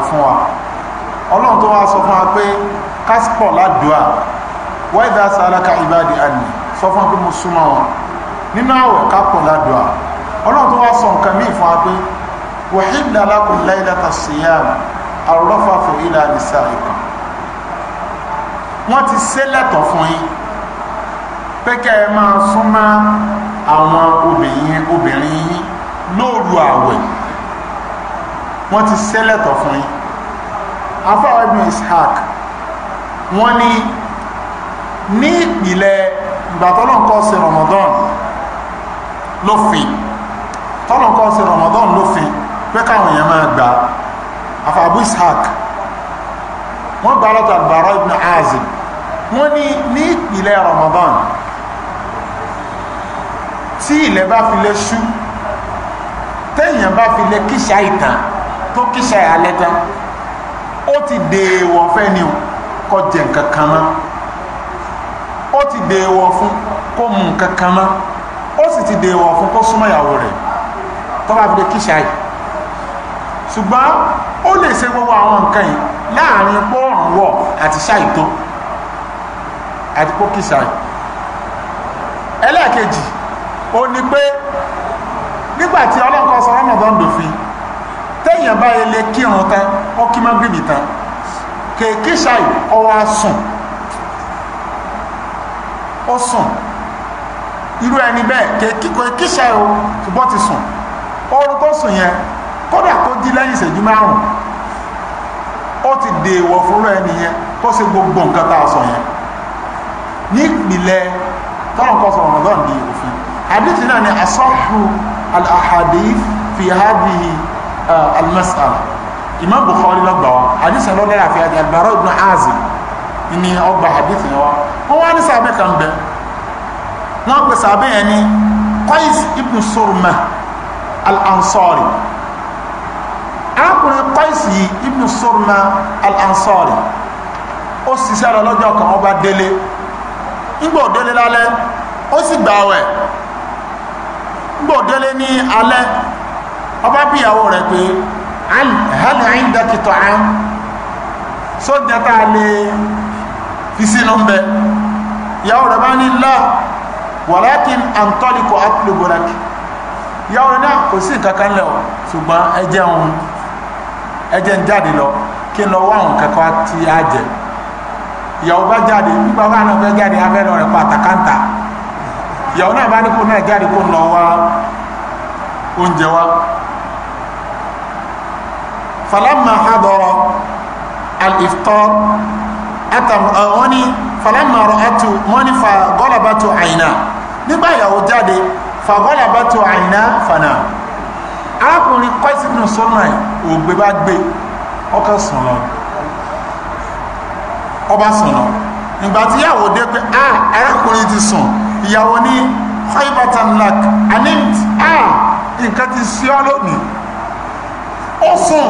rẹ̀ fún wa ọlọ́run tó wá sọ fún wa pé kásìpọ̀ ládùúà wáìdá sàlákà ìbáàdì àní sọ fún wa pé mo súnmọ́ wọn nínú àwẹ̀ kápọ̀ ládùúà ọlọ́run tó wá sọ nǹkan míì fún wa pé wàhíìlà lákùn láìláta síyàm àrọ́fàfọ̀ ìlà nìsà ìkan wọ́n ti ṣe lẹ́tọ̀ fún yín pé kẹ́ ẹ máa súnmọ́ àwọn obìnrin obìnrin yín lóru àwẹ̀ wọ́n ti sẹ́lẹ̀tọ̀ fún yín afáwọn ibn ishaq wọ́n ní ní ìpìlẹ̀ ìgbà tọ́lọ́nkọ́ sí ramadan lófin tọ́lọ́nkọ́ sí ramadan lófin pé káwọn èèyàn máa gbà afáwọn ibn ishaq wọ́n gbà lọ́tọ̀ àgbàrá ibn azib wọ́n ní ní ìpìlẹ̀ ramadan tí ilẹ̀ bá fi lè ṣú téèyàn bá fi lè kíṣà ìtàn tó kíṣà alẹ́ tán ó ti dèèwọ̀ fẹ́ ni o kó jẹ nǹkan kan mọ́ ó ti dèèwọ̀ fún kó mu nǹkan kan mọ́ ó sì ti dèèwọ̀ fún kó súnmọ́ ìyàwó rẹ̀ tó bá fi lè kíṣà yìí ṣùgbọ́n ó lè ṣe gbogbo àwọn nǹkan yìí láàrin pọ́ọ̀rùn wọ̀ àti ṣàìtó àti kó kíṣà yìí ẹlẹ́ẹ̀kejì ó ní pé nígbàtí ọlọ́nkọ́ sọ ramadan dòfin téèyàn bá yẹ lè kírun tán ọkí má gbìbì tán kèké ṣáì ọwọ́ asùn ó sùn irú ẹni bẹ́ẹ̀ kèkíkọ kèké ṣáì o ṣùgbọ́n ti sùn oorun tó sùn yẹn kódà kó jí lẹ́yìn ìṣẹ́jú márùn-ún ó ti dèèwọ̀ fúnra ẹni yẹn kó ṣe gbogbo nǹkan tá a sọ yẹn ní tọ́nà kan sọ̀rọ̀ Ramadan di òfin àdìsí náà ni asọ́fù al-ahadith al-mas'ala imam bukhari ló gbà wá hadisi ló lẹ́yìn àfihàn al-bara ibn azib ni ọgbà hadisi yẹn wá wọn wá ní sàbẹ kan bẹ wọn pè sàbẹ yẹn ní qais ibn surma al-ansari arákùnrin qais ibn surma al-ansari ó ṣiṣẹ́ lọ lọ́jọ́ kan ọba délé ńgbò délé lálẹ́ ó sì gbà wẹ̀ ńgbò délé ní alẹ́ ọba bí ìyàwó rẹ̀ pé hali ayin dakitọ an sójà tá a lè fi sínú bẹ ìyàwó rẹ̀ bá ní la walakin antolico atlubolaki ìyàwó rẹ̀ náà kò sí nǹkan kan lẹ̀ o ṣùgbọ́n ẹ jẹun ẹ jẹ́ ń jáde lọ kí n lọ wá àwọn kẹ́kọ̀ọ́ tí a jẹ ìyàwó bá jáde nígbà wọn náà fẹ́ jáde afẹ́ lọ rẹ̀ pa àtàkàntà ìyàwó náà bá ní kó náà jáde kó ń lọ wá oúnjẹ wa falamma hadara al-iftar atam wọ́n ní falamma ra'atu wọ́n ní fa ghalabatu àyìnà nígbà ìyàwó jáde fa ghalabatu àyìnà fana arákùnrin kọ́sìnù sọ́nà ògbé bá gbé ọkọ̀ sùn lọ ọba sùn lọ nígbà tí ìyàwó dé pé a arákùnrin ti sùn ìyàwó ní haibatan lak anint a nǹkan ti sí ọ lónìí ó sùn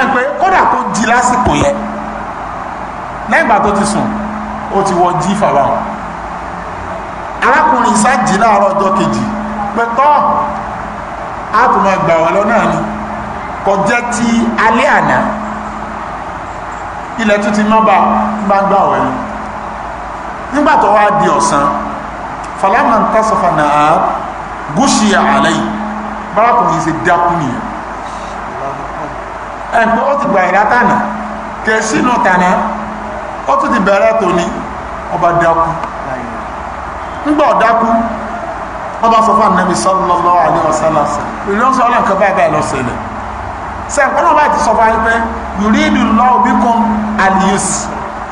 ẹgbẹ́ kódà kó jí lásìkò yẹ lẹ́gbà tó ti sùn ó ti wọ jí fàbà wọn arákùnrin ìsájì láàárọ̀ ọjọ́ kejì pẹ̀tọ́ àtùmọ̀ ẹgbà wà lọ náà ni kọjá ti alẹ́ àná ilẹ̀ tún ti mọ́ba bá ń gbà wẹ̀ ni nígbà tó wá di ọ̀sán falamman tasofa náà gúúsì àlẹ́ yìí bárakùnrin ṣe dákú nìyẹn ẹ̀gbọ́n ó ti gba ìdá tànà kẹsínú tànà ó tún ti bẹ̀rẹ̀ tóní ọba dákú ńgbà ọ̀dákú ọba sọ fún ànàbì sallallahu alaihi wasallam ìlọ́sọ̀ ọ̀nà kan báyìí báyìí lọ́sẹ̀lẹ̀ sẹ́ǹkọ́n náà báyìí ti sọ fún ayé pé yuridu Allahu bikum al-yusr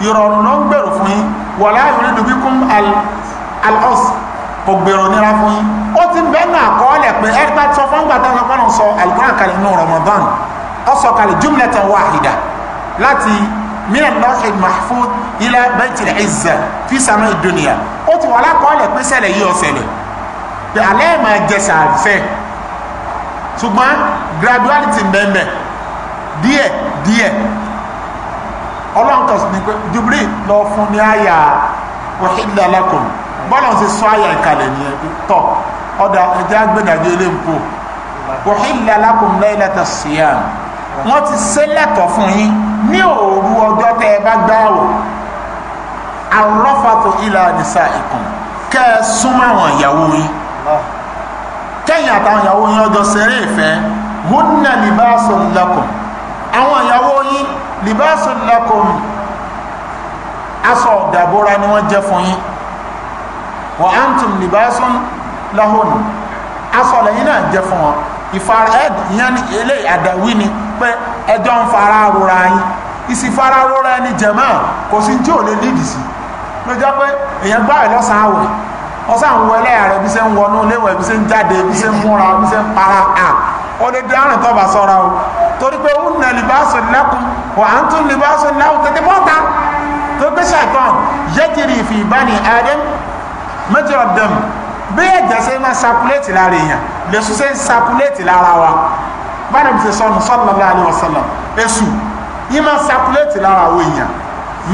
ìrọ̀rùn ló ń gbèrò fún yín wala yuridu bikum al-usr kò gbèrò nira fún yín ó ti bẹ́ẹ̀ náà kọ́ọ́lẹ̀ pé ẹ̀rí bá sọ fún gbàtà sọ fọ́nà sọ alukóra kalẹ̀ nínú Ramadan ó sọ kalẹ̀ jumlatan wahida láti mina lọ́ọ̀hìn mahfud ila baitil izza fi sama'i dunya ó ti wà lákọ́ọ́lẹ̀ pé ṣẹlẹ̀ yìí ó ṣẹlẹ̀ pé alẹ́ máa jẹ sàfẹ́ ṣùgbọ́n graduality ń bẹ́ẹ̀ díẹ̀ díẹ̀ ọlọ́run kan sì ní pé jubilee lọ fún ní àyà wàhídìlá alákòó bọ́lọ̀ sí sọ àyà ìkàlẹ̀ nìyẹn pé tọ́ ọ̀dà ẹ̀jẹ̀ agbẹ́dàjẹ́ ilé mpò òhìlẹ̀ alákùnrin lẹ́yìn lẹ́tà síyàm wọ́n ti ṣe lẹ́tọ̀ fún yín ní òru ọjọ́ tẹ́ ẹ bá gbáwò arọ́fàtò ilà nìsa ìkùn kẹ́ ẹ súnmọ́ àwọn ìyàwó yín kẹ́yìn àtàwọn ìyàwó yín ọjọ́ ṣeré ìfẹ́ hunna libasun lakum àwọn ìyàwó yín libasun lakum aṣọ ọ̀dàbọ̀ra ni wọ́n jẹ́ fún yín وأنتم antum libasun lahun هنا جفون náà jẹ́ fún wọn ìfara ẹ̀ yẹn ni eléyìí àdàwí ni pé ẹjọ́ ń fara rora yín ìsìfara rora ẹni jẹ̀mọ́ kò sí tí ò lè lídìí sí ló jẹ́ pé èèyàn gbá ẹ̀ lọ́sàn-án àwẹ̀ ọ̀sán àwọn ẹlẹ́yà rẹ̀ bí ṣe ń wọnú léwọ̀ bí ṣe ń jáde bí ṣe ń múra bí ṣe ń para à ó di àrùn tó bá o torí pé ó nà libasun lakum wa antum libasun lahun tètè mọ́ta tó gbé ṣàtàn yẹ́tìrì fi bani adam mẹjọ dẹm bẹ́ẹ̀ jẹsẹ máa sakuléètì lára èèyàn lẹsùn sẹ ń sakuléètì lára wa báyìí bí sọnù sallallahu alaihi wasallam èsù yìí máa sakuléètì lára àwọn èèyàn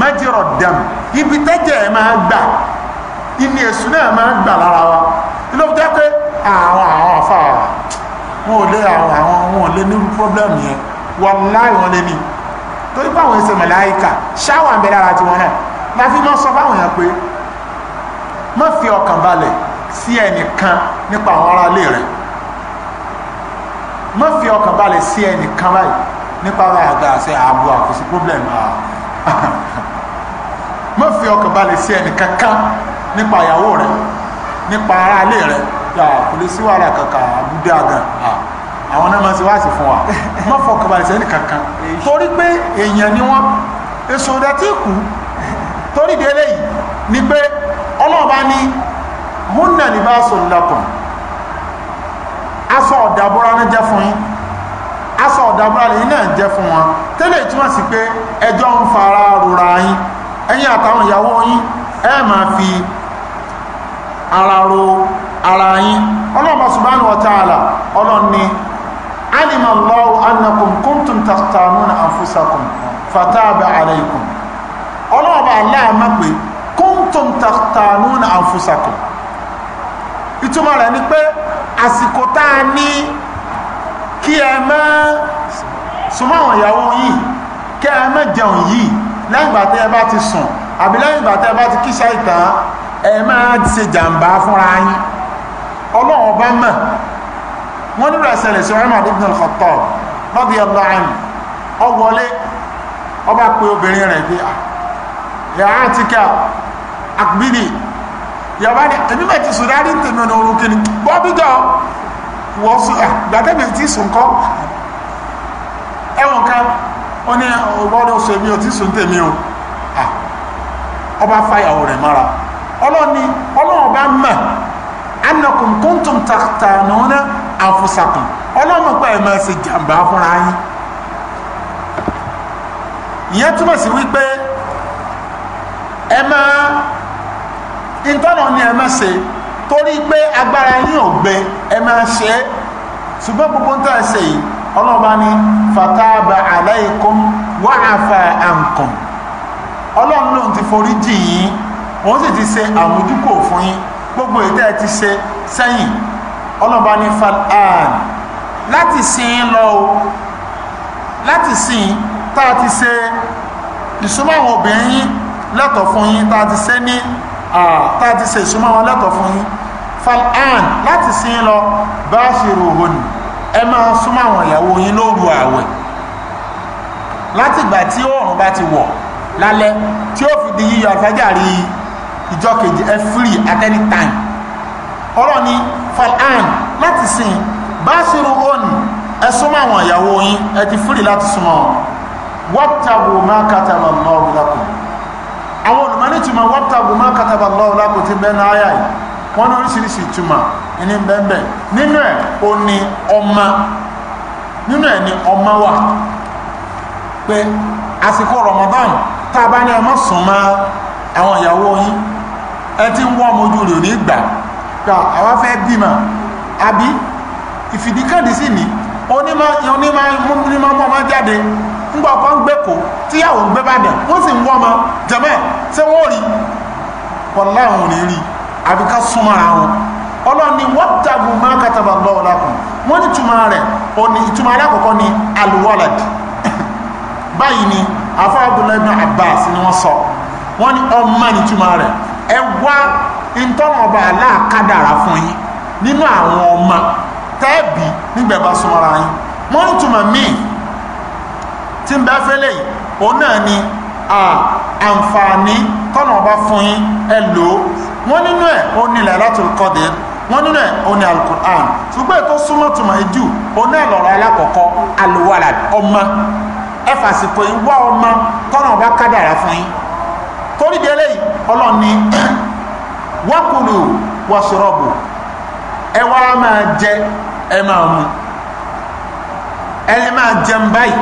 mẹjọ dẹm ibi tẹjẹ ẹ máa gbà ìní èsù náà máa gbà lára wa ló jẹ pé àwọn àwọn afa wọn ò lé àwọn àwọn wọn ò lé ní pọblẹmù yẹn wallahi wọn lé ní torí pé àwọn ẹsẹ màláíkà ṣáwọn àbẹ̀rẹ̀ ara tiwọn náà láfi máa sọ fáwọn èèyàn pé má fi ọkàn balẹ̀ sí ẹnìkan nípa àwọn ará ilé rẹ̀ má fi ọkàn balẹ̀ sí ẹnìkan báyìí nípa ara àga àṣẹ ààbò àkóso problem má fi ọkàn balẹ̀ sí ẹnìkan kan nípa ìyàwó rẹ̀ nípa ará ilé rẹ̀ yà kò lè sí wàhálà kankan àbúdé àgàn àwọn náà máa ń ṣe wáàsí fún wa má fọkàn balẹ̀ sí ẹnìkan kan torí pé èèyàn ni wọ́n èso ìdá tí kù torí délé yìí ni pé ọlọ́run bá ní múnà ní bá sọ lọ́kùn aṣọ ọ̀dàbúra ní jẹ́ fún yín aṣọ ọ̀dàbúra lè náà jẹ́ fún wọn tẹ́lẹ̀ túmọ̀ sí pé ẹjọ́ ń fara rora yín ẹ̀yin àtàwọn ìyàwó yín ẹ máa fi ara ro ara yín ọlọ́run subhanahu wa ta'ala ọlọ́run ni alima Allahu annakum kuntum takhtanuna anfusakum fataba alaykum ọlọ́run bá aláàmọ́ pé kuntum takhtanuna anfusakum ìtumọ̀ rẹ̀ ni pé àsìkò tá a ní kí ẹ má súnmọ́ àwọn ìyàwó yìí kí ẹ má jẹun yìí lẹ́yìn ìgbà tẹ́ ẹ bá ti sùn àbí lẹ́yìn ìgbà tẹ́ ẹ bá ti kíṣà ìtàn ẹ máa ṣe jàǹbá fúnra yín ọlọ́run ọba mọ̀ wọ́n nílò ẹsẹ̀lẹ̀ sí Umar ibn al-Khattab radiyallahu anhu ọwọlé ọba pé obìnrin rẹ̀ pé ah, yàrá ti akbiri yàrá ni èmi bẹ̀ ti sùn dáadé ń tèmi ọ̀nà òun kìíní bọ́ọ̀bí ya wọ́n sùn gbàdébì ti sùn kọ́ ẹ̀wọ̀n kan ó ní ọgbọ́dọ̀ sọ èmi ò ti sùn tèmi o ọba fàyàwó rẹ̀ mara ọlọ́ni ọlọ́run bá mọ̀ anakun kuntum takhtanuna anfusakum ọlọ́run pẹ̀ máa ṣe jàǹbá fúnra yín ìyẹn túmọ̀ sí wípé ẹ máa ìtọ́nà ni ẹ má ṣe torí pé agbára yín ò gbẹ ẹ má ṣe é ṣùgbọ́n gbogbo ń tẹ̀ ṣe yìí ọlọ́ba ní fataba alaykum wa afa ankum ọlọ́run lòun ti forí jì yín òun sì ti ṣe àmójúkò fún yín gbogbo ètò ẹ ti ṣe sẹ́yìn ọlọ́ba ní fal'an láti sìn lọ o láti sìn tá a ti ṣe ìsúnmọ́ àwọn obìnrin yín lẹ́tọ̀ fún yín tá a ti ṣe ní tá a ti ṣe ìsúnmọ́ wọn lẹ́tọ̀ fún yín fal'an láti sin lọ bashiruhun ẹ máa súnmọ́ àwọn ìyàwó yín lóru àwẹ̀ láti ìgbà tí oòrùn bá ti wọ̀ lálẹ́ tí ó fi di yíyọ àfájàrí ìjọ kejì ẹ free at any time ọ̀rọ̀ ni fal'an láti sin bashiruhun ẹ súnmọ́ àwọn ìyàwó yín ẹ ti free láti súnmọ́ wọn wabtagu ma kataba Allahu lakum àwọn olùmọ̀ ní ìtumọ̀ wọ́pútàbù má kàtàbà lọ́ọ̀lá kò ti bẹ́ẹ̀ náà yà yìí wọ́n ní oríṣiríṣi ìtumọ̀ ẹni bẹ́ẹ̀ nínú ẹ̀ o ní ọmọ nínú ẹ̀ ní ọmọ wà pé àsìkò Ramadan tá a bá ní ọmọ sùn mọ́ àwọn ìyàwó yín ẹ ti ń wọ́n mojú rẹ̀ ní ìgbà gbà àwa fẹ́ bímọ àbí ìfìdíkàdí ni onímọ̀ ọmọ jáde ńgbà ọkọ ń gbé kó tíyàwó ń gbé bàdàn wọ́n sì ń wọ́ ọmọ jẹ́mẹ́ ṣé wọ́n rí wọ́n láwọn ò ní rí àbí ká súnmọ́ra wọn ọlọ́ni wọ́n dàgbù máa kàtàbà lọ́wọ́ lákùn wọ́n ní ìtumọ̀ rẹ̀ òní ìtumọ̀ alákọ̀ọ́kọ́ ni alwalad báyìí ni afọ Abdullahi ibn Abbas ni wọ́n sọ wọ́n ní ọmọ ní ìtumọ̀ rẹ̀ ẹ wá ntọ́nàba aláàkádàrà fún yín nínú àwọn ọmọ tẹ́ẹ̀bì nígbẹ̀bá súnmọ́ra yín wọ́n ní ìtumọ̀ míì tí ń bẹ́ fẹ́lẹ̀ yìí òun náà ni àǹfààní tọ́nà ọba fún yín ẹ lò ó wọ́n nínú ẹ̀ ó ní Lailatul Qadr wọ́n nínú ẹ̀ ó ní alukur'an ṣùgbọ́n ètò súnmọ́ tùmọ̀ ìjù òun náà lọ̀rọ̀ alákọ̀ọ́kọ́ alwalad ọmọ ẹ fàṣìkò yín wá ọmọ tọ́nà ọba kádàrá fún yín torí di eléyìí ọlọ́run ni wakulu washrabu ẹ wá máa jẹ ẹ máa mu ẹ lè máa jẹun báyìí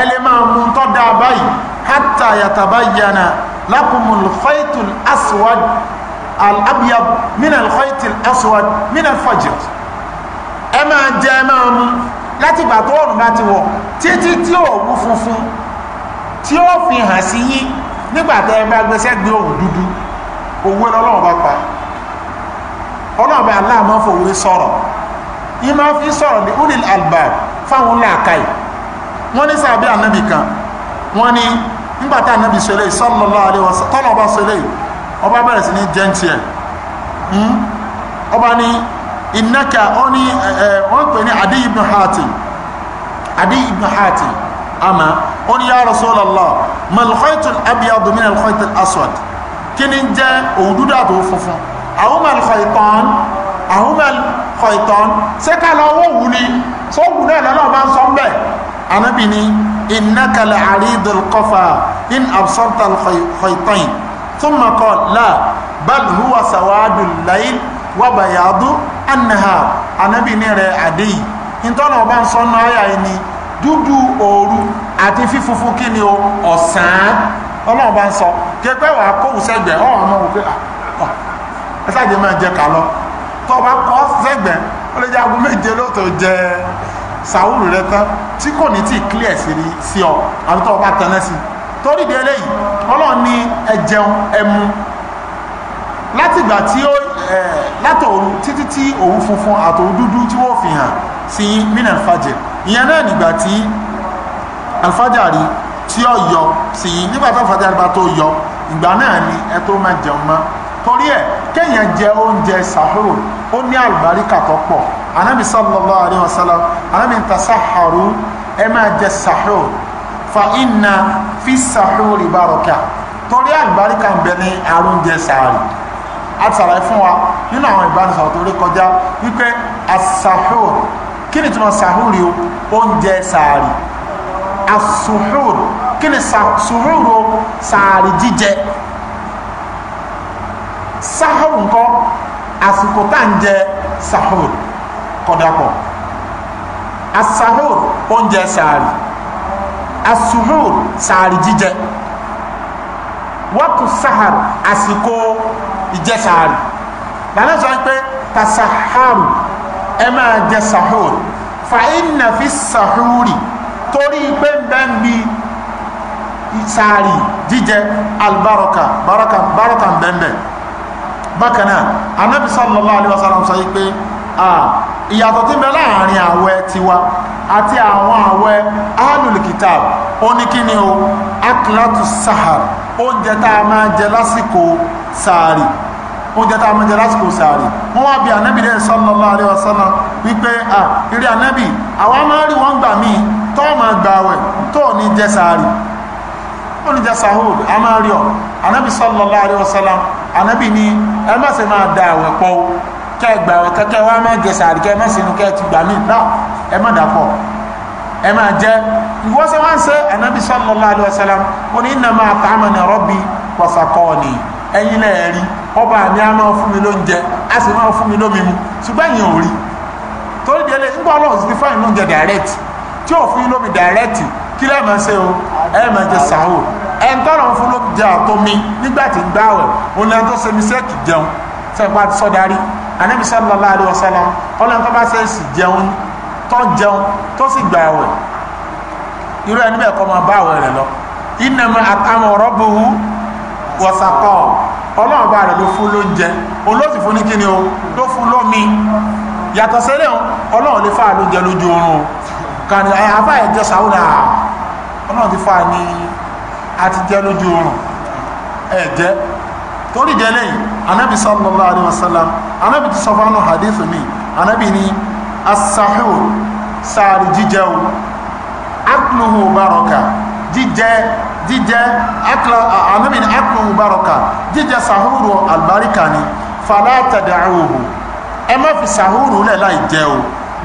ẹlẹ́ máa mú tọ́ dáa báyìí hátà yàtàbá yànà lákùnmùn faitul aswad al-abiyab min al-faitul aswad min al-fajr ẹ máa jẹ ẹ máa mú láti gbà tó ọ̀run bá ti wọ̀ títí tí ó wú funfun tí ó fi hàn sí yín nígbà tẹ́ ẹ bá gbẹ́sẹ́ gbé òun dúdú òwe lọ́lọ́run bá pa ọlọ́ọ̀bẹ aláàmọ́ fòwe sọ̀rọ̀ yín máa fi sọ̀rọ̀ ní ulil albab fáwọn làákàyè wọ́n ní sàbí ànábì kan wọ́n ní ńgbàtà ànábì sọlẹ̀ sallallahu alaihi wasallam tọ́lọ̀ ọba sọlẹ̀ ọba bẹ̀rẹ̀ sí ní jẹ́ntì ẹ̀ hmm? ọba ní ìnáka ó ní wọ́n pè ní Adi ibn Hatim Adi ibn Hatim àmà ó ní ya Rasulallah mal khaytul abyad min al khaytul aswad kí ni jẹ́ òdúdà tó funfun àwọn mal khaytan àwọn mal khaytan sẹ́kà lọ́wọ́ wù ni sọ́wù sọ ń bẹ́ẹ̀ anabi ni innaka la aridul qafa in absorta alkhaytain thumma qala la bal huwa sawadul layl wa bayadu annahar anabi ni rẹ̀ àdéyìí ìtọ́nà ọba ń sọ́nà ayà ẹni dúdú òru àti fífunfun kí ni o ọ̀sán ọlọ́run bá ń sọ kẹpẹ́ wàá kóhùn sẹ́gbẹ̀ẹ́ ọ̀ àmọ́ òkè ẹ sáàjẹ́ máa jẹ kà lọ tọ́ ọba kọ́ sẹ́gbẹ̀ẹ́ ó jẹ sàwúrù rẹ tán tí kò ní tí clear sí rí sí ọ àbí tó o bá tanná sí torí di eléyìí ọlọ́run ní ẹ jẹun ẹ mu látìgbà tí ó látòru títí tí òun funfun àtòun dúdú tí wọ́n fi hàn sí min alfajr ìyẹn náà nígbà tí alfajari tí ó yọ sí nígbà tó alfajari bá tó yọ ìgbà náà ni ẹ tó máa jẹun mọ́ torí ẹ kéèyàn jẹ oúnjẹ sahur ó ní àlùbáríkà tó pọ̀ anabi sallallahu alayhi wa sallam anabi tasaharu ẹ máa jẹ sahur fa inna fi sahuri baraka torí àgbáríkà ń bẹ ní arúnjẹ sàárì a ti sàlàyé fún wa nínú àwọn ìbánisọ̀rọ̀ tó rí kọjá wípé asahur kí ni túnmọ̀ sahuri o oúnjẹ sàárì asuhur kí ni suhur o sàárì jíjẹ sahur nǹkan àsìkò tá ń jẹ sahur kọ́dàpọ̀ asahur oúnjẹ sàárì asuhur sàárì jíjẹ wọ́pù sahar àsìkò ìjẹ sàárì lànà sọ pé tasaharu ẹ máa jẹ sahur fàínà fi sahuri torí pé bẹ́ẹ̀ bí sàárì jíjẹ albaraka baraka baraka bẹ́ẹ̀ bẹ́ẹ̀ anabi sallallahu alaihi wasallam sọ yìí pé a. Ah, ìyàtọ̀ tí ń bẹ láàrin àwẹ̀ tiwa àti àwọn àwẹ̀ alùlùkítà oníkíní o akilatu sahar oúnjẹ tá a máa jẹ lásìkò sàárì oúnjẹ tá a máa jẹ lásìkò sàárì wọ́n wá bí ànábì rẹ̀ sallallahu alaihi wasallam wípé à ìrí ànábì àwa máa rí wọ́n gbà míì tó máa gbà àwẹ̀ tó ní jẹ sàárì ó ní jẹ sahud a máa rí ọ ànábì sallallahu alaihi wasallam ànábì ní ẹ má ṣe máa da àwẹ̀ pọ̀ o kẹ́ ẹ gbà wẹ̀ kẹ́kẹ́ wá má jẹ sàárì kẹ́ ẹ má sinú kẹ́ ẹ ti gbà mí náà ẹ má dàpọ̀ ẹ má jẹ ìwọ́sẹ̀ wá ń ṣe ànábì sallallahu alaihi wasallam ó ní innama ta'amana rabbi wa saqani ẹ̀yin náà rí ọba àmì á máa fún mi lóúnjẹ á sì máa fún mi lómi mu ṣùgbọ́n ẹ̀yin ò rí torí délé ń gbọ́ ọlọ́run ti fáyìn lóúnjẹ direct tí ò fún yín lómi direct kí lẹ́ẹ̀ máa ṣe o ẹ máa jẹ sàáwò ẹ ń tọ́lọ̀ fún lóúnjẹ àtomi nígbà tí ń gbáwẹ̀ òun ni a tó ṣe mi sẹ́ẹ̀kì jẹun sẹ́ẹ̀pá ti sọ́darí anabi sallallahu alayhi wa sallam ọlọ́run tó bá sẹ́ẹ̀sì jẹun tó jẹun tó sì gbà àwẹ̀ irú ẹni bẹ́ẹ̀ kọ́ máa bá àwẹ̀ rẹ̀ lọ innama at'ama rabbuhu wa saqa ọlọ́run bá rẹ̀ ló fún lóúnjẹ olóòsì fún ní o ló fún lómi yàtọ̀ sẹ́lẹ̀ o ọlọ́run lè fà lóúnjẹ lójú oorun o kàní àbá ẹ̀jẹ̀ sàúnà ọlọ́run ti fà ní àtijẹ́ lójú oorun ẹ̀jẹ̀ torí jẹ́ lẹ́yìn anabi sallallahu alayhi wa sallam anabi ti sọfọ nù hadith mi anabi ni asahur sààrì jíjẹ o akluhu baraka jíjẹ jíjẹ akla anabi ni akluhu baraka jíjẹ sahuru albarika ni fala tada'uhu ẹ má fi sahuru lẹ̀ láì jẹ o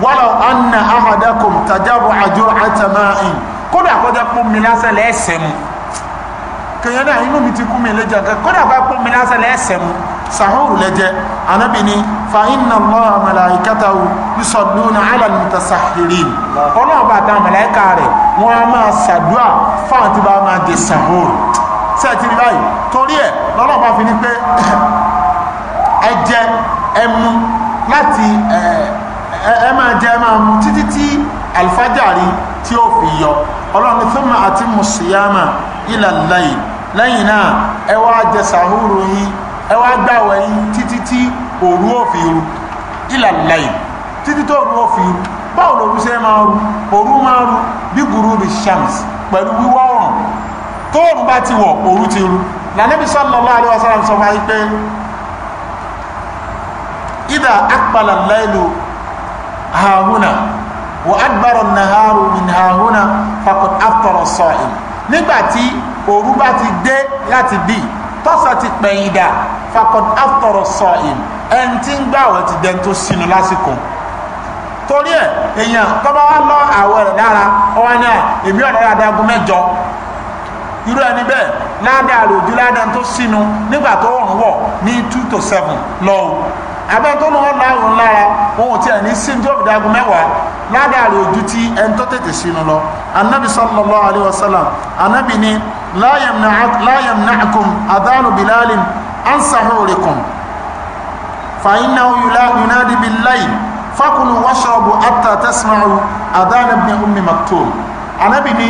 walaw anna ahadakum tajabu jur'ata ma'in kódà kọjá pọ mi lásán lẹsẹ mu kẹyìn náà inú mi ti kú mi lẹjẹ kódà kọjá pọ mi lásán lẹsẹ mu sahuru lẹjẹ anábì ni fa inna Allaha malaikatahu yusalluna ala al-mutasahirin ọlọ́ọ̀bá àti màláìka rẹ̀ wọ́n á máa ṣàdúà fáwọn tí bá máa jẹ sàhóòrò sẹ́ẹ̀ tí rí báyìí torí ẹ̀ lọ́lọ́ọ̀bá fi ní pé ẹ jẹ ẹ mu láti ẹ mu títí tí alifájàrí tí ó fi yọ ọlọ́run thumma atimmu siyama ila layl lẹ́yìn náà ẹ wá jẹ sàhóòrò ẹ wá gbàwẹ̀ yín títí tí òru ò fi rú ìlà láyìn títí tó òru ò fi rú báwo lòru ṣe máa rú òru máa rú bí guru bi shams pẹ̀lú wíwá ọ̀rùn tóòrùn bá ti wọ̀ òru ti rú lànàbí sallallahu alaihi wasallam sọ fún pé idha aqbala al-laylu hahuna wa adbara an-naharu min hahuna faqad aftara nígbà tí òru bá ti dé láti bíi tọ́sà ti pẹ̀yìn dà fakọd aftọrọ sọ ìm ẹni tí ń gbà wọ́n ti dẹ́n tó sínú lásìkò torí ẹ̀ èèyàn tọ́ba wa lọ àwọ̀ rẹ̀ dára ọwọ́ ni à èmi ọ̀rẹ́ adágún mẹ́jọ irú ẹni bẹ́ẹ̀ ládàá ròjú ládàá tó sínú nígbà tó rùn wọ̀ ní two to seven lọ́wọ́ àbẹ́ tó lọ́wọ́ láàrùn lára wọn ò tiẹ̀ ní sí jọ́bù dagun mẹ́wàá ládàrí ojú tí ẹni tó tètè sínú lọ anábì sallallahu alaihi wasallam anábì ni la yamna'akum adhanu bilalin an sahurikum fa innahu yunadi bil-layl fakulu washrabu hatta tasma'u adhana ibn ummi maktum ni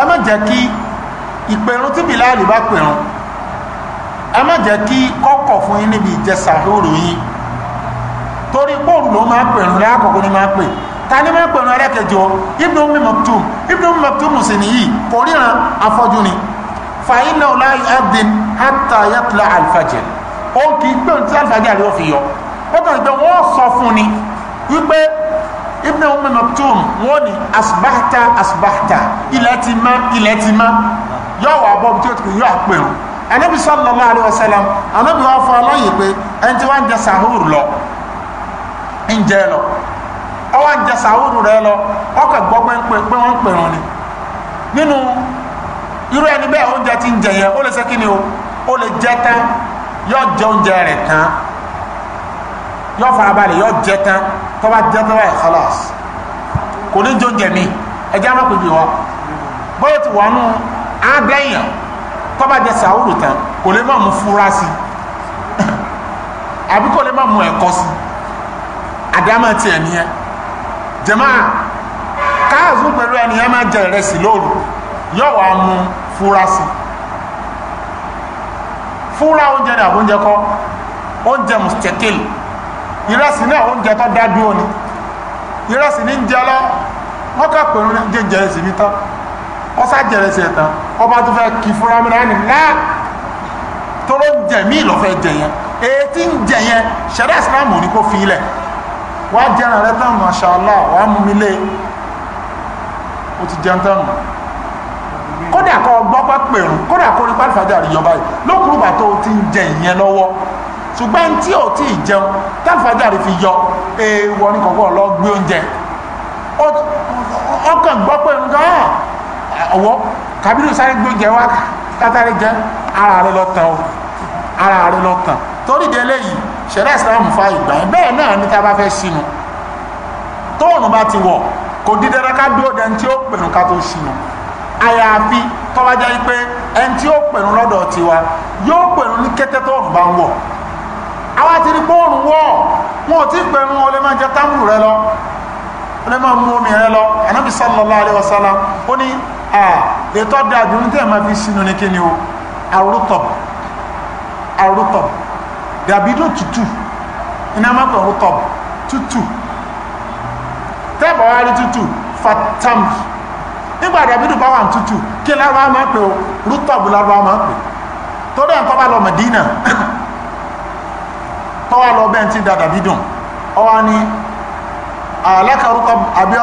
ẹ má jẹ́ tí bìláàlì bá pẹ̀rún ẹ má jẹ́ kí kọ́kọ̀ fún yín níbi ìjẹsàhóró yín torí pọ́ọ̀lù ló máa pè rún lákòókò ní máa pè ta ni máa pè rún ẹlẹ́kẹjọ Ibn Umm Maktum Ibn Umm Maktum sì nìyí kò ríran afọ́jú ni fàyín náà láì ẹ́dín hatta yatla al-fajr ó kì í gbóhùn tí àlùfàjẹ́ àlè òfin yọ ó kàn gbé wọ́n sọ fún ni wípé Ibn Umm Maktum wọ́n ní asbahta asbahta ilẹ̀ ti má ilẹ̀ ti má yọ̀ wà bọ́ bí tí ó ti kò yọ̀ àpèrún anabi sallallahu alayhi wa sallam anabi wa fọ ọlọ́yìn pé ẹni tí wọ́n ń jẹ sahur lọ ń jẹ lọ ọwọ́ ń jẹ sahur rẹ lọ ọkọ̀ gbọ́ pé pé wọ́n ń pè wọn ni nínú irú ẹni bẹ́ẹ̀ oúnjẹ ti ń jẹ yẹn ó lè ṣe kí ni o ó lè jẹ tán yóò jẹ oúnjẹ rẹ̀ tán yóò fara balẹ̀ yóò jẹ tán tó bá jẹ tán báyìí khalas kò ní jẹ oúnjẹ mi ẹ̀jẹ̀ á má pè bí wọn bóyá ti wọ́n nù á dẹ́yìn tọ́ba jẹ sàwùrù tán kò lè má mú fúra sí àbí kò lè má mú ẹ̀kọ́ sí àdámà tiẹ̀ nìyẹn jẹ̀má káàzú pẹ̀lú ẹni ẹ má jẹ ìrẹsì lóru yóò wá mú fúra sí oúnjẹ ní àbóúnjẹ kọ́ oúnjẹ mùsítẹ́kìlì ìrẹsì náà oúnjẹ tó dá dúró ni ìrẹsì ní ń jẹ lọ wọ́n kà pẹ̀lú jẹjẹrẹ sí mi tán ọsá jẹrẹ sí ẹ̀tàn ọba tó fẹ́ kí fúnra mi náà ní lá tóró jẹ̀mí lọ́fẹ́ jẹ̀yẹn ètí ń jẹ̀yẹn ṣẹ̀dá islam ò ní kó fi ilẹ̀ wá jẹran rẹ tán masha allah wà á mú mi lé o ti jẹun tán kódà kọ gbọ́ pẹ́ pèrún kódà kó rí pálífàjà rí yọba yìí lókùrú bàtó ti ń jẹ ìyẹn lọ́wọ́ ṣùgbọ́n tí ò tí ì jẹun tálífàjà rí fi yọ èèwọ̀ ní kọ̀ọ̀kan lọ gbé oúnjẹ ọkàn gbọ́ pé nǹkan ọwọ́ Kábírù sáré gbóúnjẹ wá kátàrí jẹ ara rẹ lọ o ara rẹ lọ tàn torí di eléyìí ṣẹlẹ Islam fa ìgbà yẹn bẹ́ẹ̀ náà ní tá a bá fẹ́ sínú tóònù bá ti wọ̀ kò di dandan ká dúró dẹni tí ó pẹ̀lú ká tó sínú àyàfi tó bá jẹ́ pé ẹni tí ó pẹ̀lú lọ́dọ̀ tiwa yóò pẹ̀lú ní kété tóòrùn bá ń wọ̀ àwa ti rí bóòrùn wọ̀ wọn ò tí ì pẹ̀lú o lè máa jẹ támùrù rẹ lọ o lè máa mú omi rẹ lọ Ànábì sallallahu alaihi wasallam ó ní ètò dájú ní tẹ́ẹ̀mà fi sínú ní kí ni o arútọ̀ arútọ̀ dàbídò tútù iná mọ́kàn rútọ̀ tútù tẹ́ẹ̀bà wá rí tútù fatam nígbà dàbídò bá wà tútù kí lárúbá máa pè o rútọ̀ lárúbá máa pè tó dẹ̀ ń tọ́ bá lọ Mẹ̀dínà tọ́wà lọ bẹ́ẹ̀ tí dàbídùn ọwá ni alákàrúkọ àbí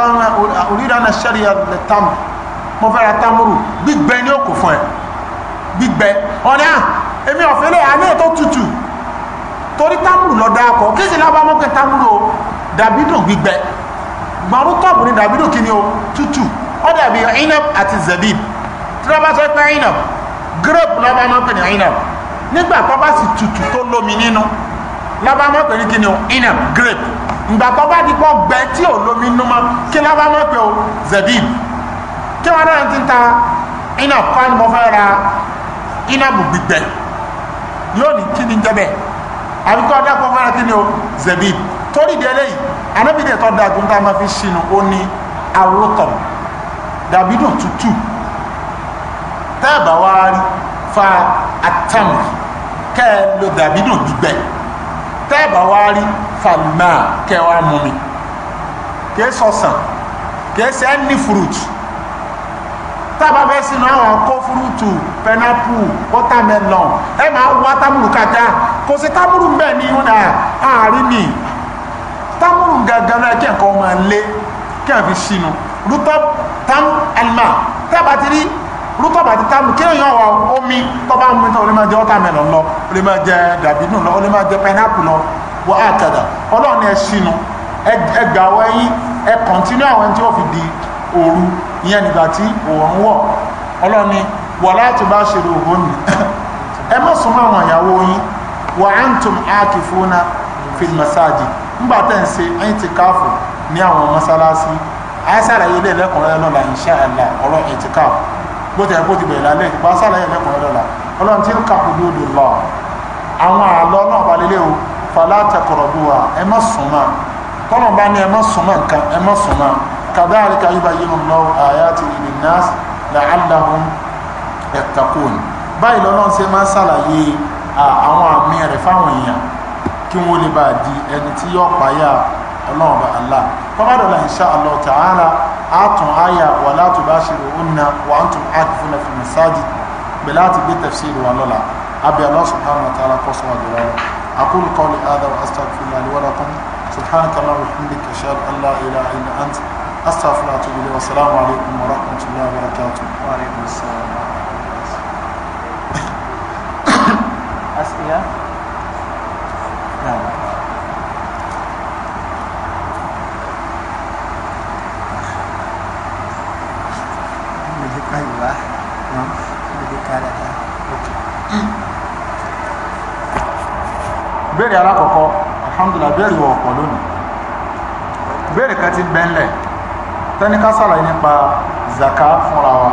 orílẹ̀-èdè sẹ́ríà lẹ́tàmù mo fẹ́ ra támúrù gbígbẹ ní òkú fún ẹ gbígbẹ ọ̀nà èmi ọ̀fẹ́lẹ̀ àná ètò tútù torí támúrù lọ dáàkọ kí sì lábàá mọ́kẹ́ támúrù o dàbídùn gbígbẹ gbọ́nrún tọ́ọ̀bù ni dàbídùn kí ni o tútù ó dàbí inab àti zabib tí wọ́n bá sọ pé inab grape lọ́bàá mọ́kẹ́ ní inab nígbà tó bá sì tútù tó lómi nínú lọ́bàá mọ́kẹ́ ní kí ni o inab grape ìgbà tó bá di pọ́ gbẹ tí ò lómi nínú mọ́ kí lọ́bàá mọ́kẹ́ o zabib kí wọn náà ti ń ta iná kan ni mo fẹ́ ra iná bù gbígbẹ yóò ní kí ni jẹ́bẹ̀ àbíkọ́ dákọ̀ fún ara kí ni o zebib torí di eléyìí anábìdẹ̀ tó dáa gúntà máa fi ṣìnà ó ní awrótọ̀ dàbídùn tútù tẹ́ẹ̀bà wá rí fa àtàmù kẹ́ ẹ lo dàbídùn gbígbẹ tẹ́ẹ̀bà wá rí fa máa kẹ́ ẹ wá mú mi kìí sọ̀sàn kìí ṣe ẹni fúrúùtù tábà fẹ́ sínú àwọn kófúrútù pẹnápù wọ́tàmẹ́lọ̀n ẹ máa wá támùrù kájá kò sí támùrù ń bẹ̀ ní ìhúnà àárín ni támùrù gangan náà kí ẹ̀kọ́ máa lé kí ẹ̀ fi sínú rútọ́ tam alma tábà ti rí rútọ́ bàtí támù kí èèyàn wà omi tọ́ba mú tán ó lè máa jẹ wọ́tàmẹ́lọ̀n lọ ó lè máa jẹ dàbínù lọ ó lè máa jẹ pẹnápù lọ wọ́n àkàdà ọlọ́run ẹ sínú ẹ gbà wọ́n yín ẹ kọ̀ntínú àwọn tí wọ́n fi di òru ìyẹn nígbà tí òun wọ̀ ọlọ́ni wala tubashiruhunna ẹ má súnmọ́ àwọn ìyàwó yín wa antum akifuna fil masajid ńgbà tẹ̀ ń ṣe ẹ̀yìn ti káàfù ní àwọn mọ́sálásí a ṣàlàyé ilé ẹlẹ́kùnrin lọ́la insha Allah ọ̀rọ̀ ìtìkáàfù bó ti ẹ̀ bó ti bẹ̀rẹ̀ lálẹ́ ìgbà ṣàlàyé ẹlẹ́kùnrin lọ́la ọlọ́run ti ń kàkúdú lò lọ́ọ̀ àwọn àlọ́ náà balẹ̀ o fala taqrabuha ẹ má súnmọ́ tọ́lọ̀ bá ní ẹ má súnmọ́ nǹkan ẹ má كذلك يبين الله آياته للناس لعلهم يتقون báyìí lọ́nà ṣe máa ń ṣàlàyé àwọn àmì rẹ̀ fáwọn èèyàn kí wọ́n lè bá di ẹni tí yóò páyà ọlọ́run bá Allah kọ́mádọ́là insha Allah ta'ala àtún àyà wala tubashiruhunna wa antum akifuna fil masajid pẹ̀lú àti gbé tafsir wa lọ́la abẹ́ Allah subhanahu wa ta'ala kọ́ sọ́wọ́ jùlọ أقول قولي هذا وأستغفر الله لي ولكم سبحانك اللهم وبحمدك أشهد أن لا إله إلا أنت astaghfirullah wa atubu ilayhi wasalaamu alaykum wa rahmatullahi wa barakatuh wa alaykum assalam asiya naam aywa non ibi kalẹ ta ok. béèrè alákọ̀ọ́kọ́ alhamdulilah béèrè wọ̀ ọ̀pọ̀ lónìí béèrè kan ti bẹ́ńlẹ̀ tẹ́ni ká sàlàyé nípa zaka fúnra wa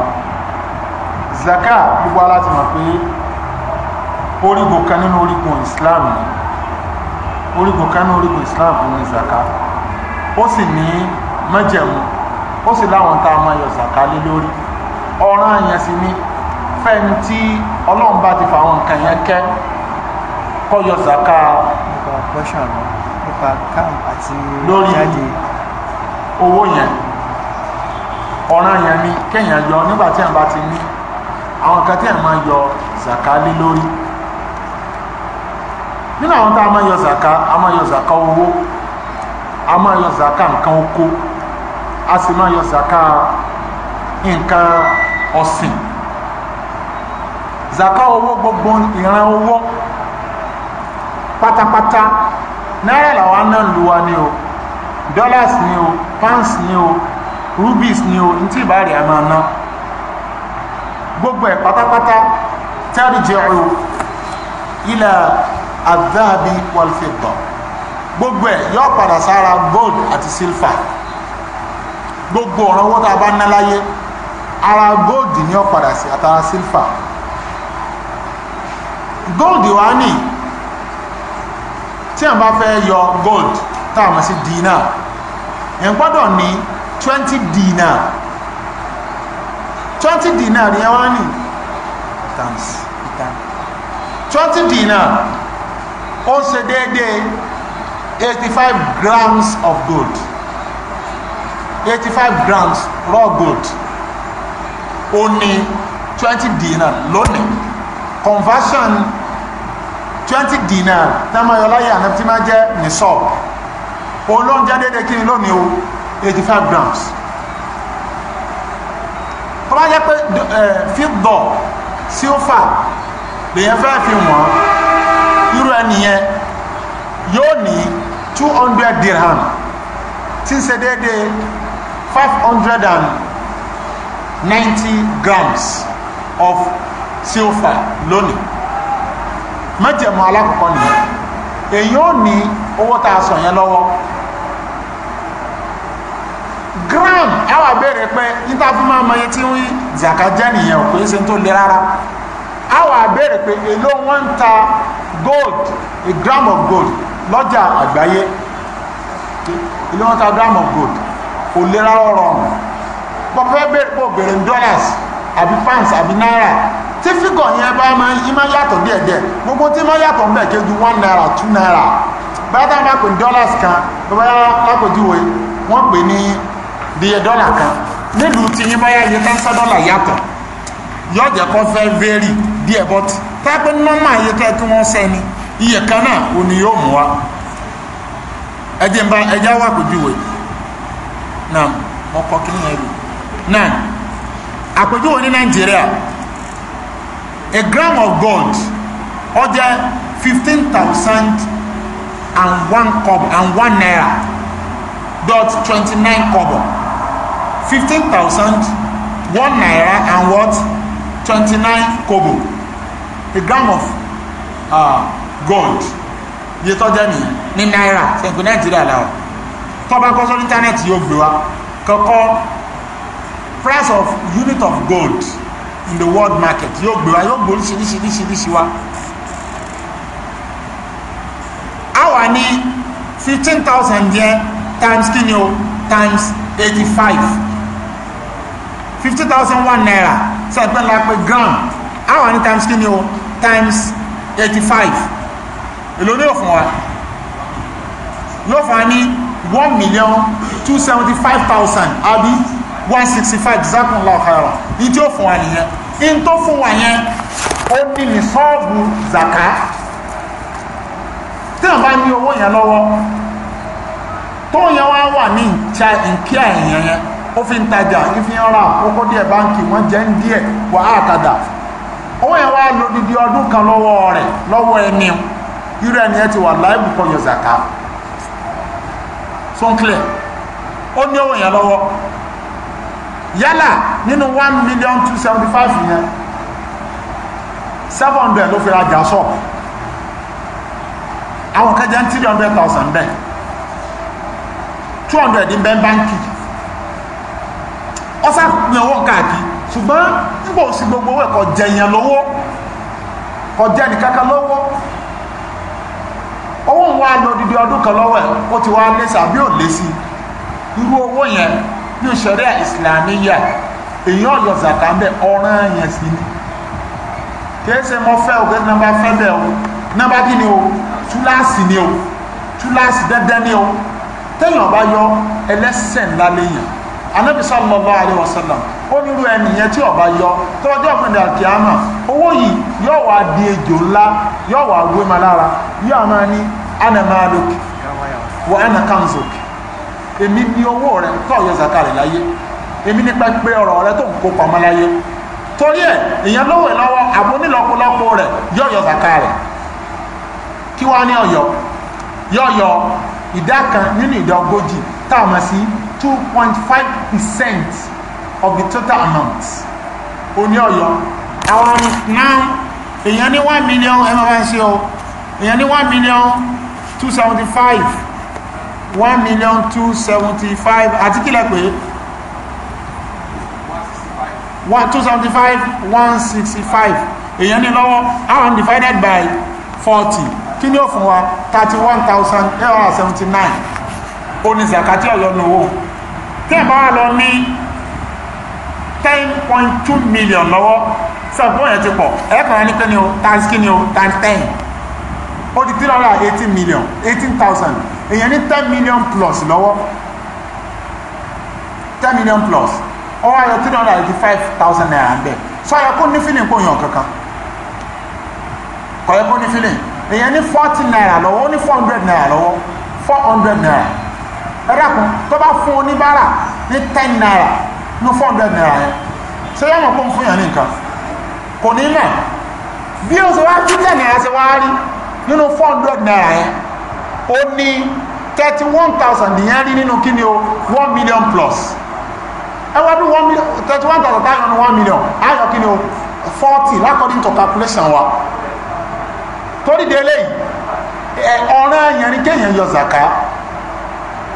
zaka gbogbo aláti mọ̀ pé orígun kan nínú orígun Islam ni orígun kan nínú orígun Islam ni zaka ó sì ní májẹ̀mú ó sì láwọn tá a máa yọ zaka lé lórí ọ̀ràn yẹn sì ni fẹ́ni tí ọlọ́run bá ti fa àwọn nǹkan yẹn kẹ́ kó yọ zaka. nípa pọ́ṣọ̀nù lórí owó yẹn. ọ̀ràn yẹn ni kéèyàn yọ nígbà tí èèyàn bá ti ní àwọn kan tí èèyàn máa yọ zaka lé lórí nínú àwọn tá a máa yọ zaka a máa yọ zaka owó a máa yọ zaka nǹkan oko a sì máa yọ zaka nǹkan ọ̀sìn zaka owó gbogbo ìran owó pátápátá náírà làwọn náà lu wa ni o dọ́là ni o pounds ni o rubies ni o ní tí ìbáàrí a máa ná gbogbo ẹ̀ pátápátá tarji'u ila adhabi wal fidda gbogbo ẹ̀ yọ padà sára gold àti silver gbogbo ọ̀ràn owó tá a bá ná láyé ara gold ni ó padà sí àtara silver gold wa ní tí a bá fẹ́ yọ gold tá a mọ̀ sí dinar yẹn gbọ́dọ̀ ní twenty dinar twenty dinar yẹn wá ní twenty dinar ó ń ṣe déédéé eighty five grams of gold eighty five grams raw gold ó ní twenty dinar lónìí conversion twenty dinar tá a máa yọ láyé àná tí máa jẹ́ ní sọ́ọ̀bù òun ló ń jẹ́ déédéé kí ni lónìí o. 85 grams tó bá jẹ́ pé fídọ̀ sílfà lèyẹn fẹ́ fi wọ́n irú ẹni yẹn yóò ní two dirham tí ń ṣe déédéé five grams of silver lónìí mẹ́jẹ̀mọ́ alákọ̀ọ́kọ́ nìyẹn èyí ò ní owó tá a sọ yẹn lọ́wọ́ gram àwọn abẹ́rẹ́ pẹ́ níta fún máa mọ yẹn tí wọ́n zaka jẹ́ nìyẹn ò pé ṣe tó le rárá àwọn abẹ́rẹ́ pé èló wọ́n ń ta gold a gram of gold lọ́jà àgbáyé èló wọ́n ta gram of gold kò le rárá rọrùn pọ̀pẹ́ bẹ̀rẹ̀ pọ̀ bẹ̀rẹ̀ ní dollars àbí pounds àbí náírà tí fígọ̀ yẹn bá máa yí máa yàtọ̀ díẹ̀díẹ̀ gbogbo tí máa yàtọ̀ ń bẹ̀ kéjú one naira two naira báyìí tá a máa pè ní dollars kan báyìí lápèjúwe wọ́n pè ní bíi dọ́là kan nílùú tí yín báyà yín tẹ́ ń sá dọ́là yàtọ̀ yóò jẹ́ kó fẹ́ vẹ́rì díẹ̀ bọ́t tábí nọ́mà yín tẹ́ kí wọ́n sẹ́ni iye kan náà ò ní yóò mú wa ẹ jẹ́ n bá ẹ já wà pèjúwe náà wọ́n kọ́ kí nìyẹn rí náà àpèjúwe ní nàìjíríà a gram of gold ó jẹ́ fifteen thousand and one kobo and one naira dot twenty nine kobo. Fifteen thousand one naira and what twenty nine kobo a gram of uh, gold iye tó jẹ́ nìyẹn ní náírà ṣẹ̀kùn nàìjíríà láwọ̀ tó bá kọ́ sórí íńtánẹ́ẹ̀tì yóò gbé wa kọ́kọ́ price of unit of gold in the world market yóò gbé wa yóò gbé oríṣiríṣiríṣiríṣi wa a wà ní fifteen thousand yẹn times kí ni o times eighty five fifty thousand one naira sẹ́gbẹ́ la pé gram How many times kíni o times eighty five èlò ní òfin wa yóò fún wa ní one million two seventy five thousand àbí one sixty five zakunla ọ̀kàrọ̀ ní tí ó fún wa nìyẹn in tó fún wa yẹn ó ní ní sọ́ọ̀bù zaka tí wọ́n bá ní owó yẹn lọ́wọ́ tó yẹn wá wà ní ìjà ìkíà ìyẹn yẹn ó fi ń tajà ìfi ń ra kókó díẹ̀ báńkì wọ́n jẹ́ ń díẹ̀ wà á kàdà owó yẹn wá lò dídí ọdún kan lọ́wọ́ rẹ̀ lọ́wọ́ ẹni irú ẹni ẹ ti wà láìbù kọyọ zaka sọ́nkílẹ̀ ó ní owó yẹn lọ́wọ́ yálà nínú one million two seventy five yẹn seven hundred ló fi rajà sọ́ọ̀bù àwọn kẹjẹ ń three hundred thousand bẹ́ẹ̀ two hundred ní bẹ́ẹ̀ báńkì ọsà pin ọwọ́ káàkiri ṣùgbọ́n nígbà òsì gbogbo owó ẹ̀kọ́ jẹyàn lọ́wọ́ kọjá nìkankan lọ́wọ́ owó ń wá lọ dídí ọdún kan lọ́wọ́ ẹ̀ ó ti wá lé sàbí ò lé sí irú owó yẹn ní ìṣẹ̀rí ìsìlámíyà èyàn ọ̀yọ̀ zàkà ń bẹ̀ ọ̀ràn yẹn sí ni kìí ṣe mo fẹ́ o kìí ṣe nọmba fẹ́ bẹ́ẹ̀ o nọmba kí ni o túláàsì ni o túláàsì dandan ni o téèyàn bá yọ ẹlẹ́sẹ̀ ńlá léèyàn anabi sallallahu alayhi wa sallam ó o ẹnìyẹn tí ọba yọ tọ́jọ́ ọ̀gbìnrin àkíyàmà owó yìí yóò wá di ejò ńlá yóò wá wé ma lára yóò máa ní ana maluk wa ana kanzuk èmi ní owó rẹ tó ọ̀yọ́ zakari láyé èmi ní pẹ́pẹ́ ọ̀rọ̀ rẹ tó ń kó pamọ́ láyé torí ẹ̀ èèyàn lówó ẹ̀ lọ́wọ́ àbò nílọ́pọ̀lọpọ̀ rẹ̀ yóò yọ zakari kí wá ní ọ̀yọ́ yóò yọ ìdá kan nínú ìdá ogójì táwọn sí 2.5% of the total amount oní ọ̀yọ́ àwọn náà èèyàn ní one million ẹmọ bá ń ṣe o èèyàn ní one million two seventy five. One million two seventy 275 àti kílẹ̀ pé 275 165 èèyàn ní lọ́wọ́ àwọn divided by forty. kí ní ó fún wa 31,879 ó ní zakati ọ̀yọ́ nù owó tẹ́ bá wà lọ ní ten point two million lọ́wọ́ sọ̀rọ̀ yẹn ti pọ̀ ẹ̀ẹ́kọ̀ọ́ ní kíni o times kíni o times ten ó di three hundred and million eighteen thousand èèyàn ní ten million plus lọ́wọ́ ten million plus ó wá yọ three hundred eighty five thousand naira ń bẹ̀ sọ yẹ kó ní fílìn kó yàn kankan kọ̀ yẹ kó ní fílìn èèyàn ní forty naira lọ́wọ́ ó ní four hundred naira lọ́wọ́ four hundred naira ẹ̀dàkùn tó bá fún oníbàárà ní ten naira ní four hundred naira yẹn ṣé yẹn mọ̀ pé ń fún yàn ní nǹkan kò ní mọ̀ bí o ṣe wá ju ten naira ṣe wá rí nínú four naira yẹn ó ní thirty one thousand yẹn rí nínú kí ni o one million plus ẹ wá bí one million thirty one thousand táyọ̀ ní one million ayọ̀ kí ni o forty according to calculation wa torí de eléyìí ọ̀ràn yẹn ni kéèyàn yọ zaka.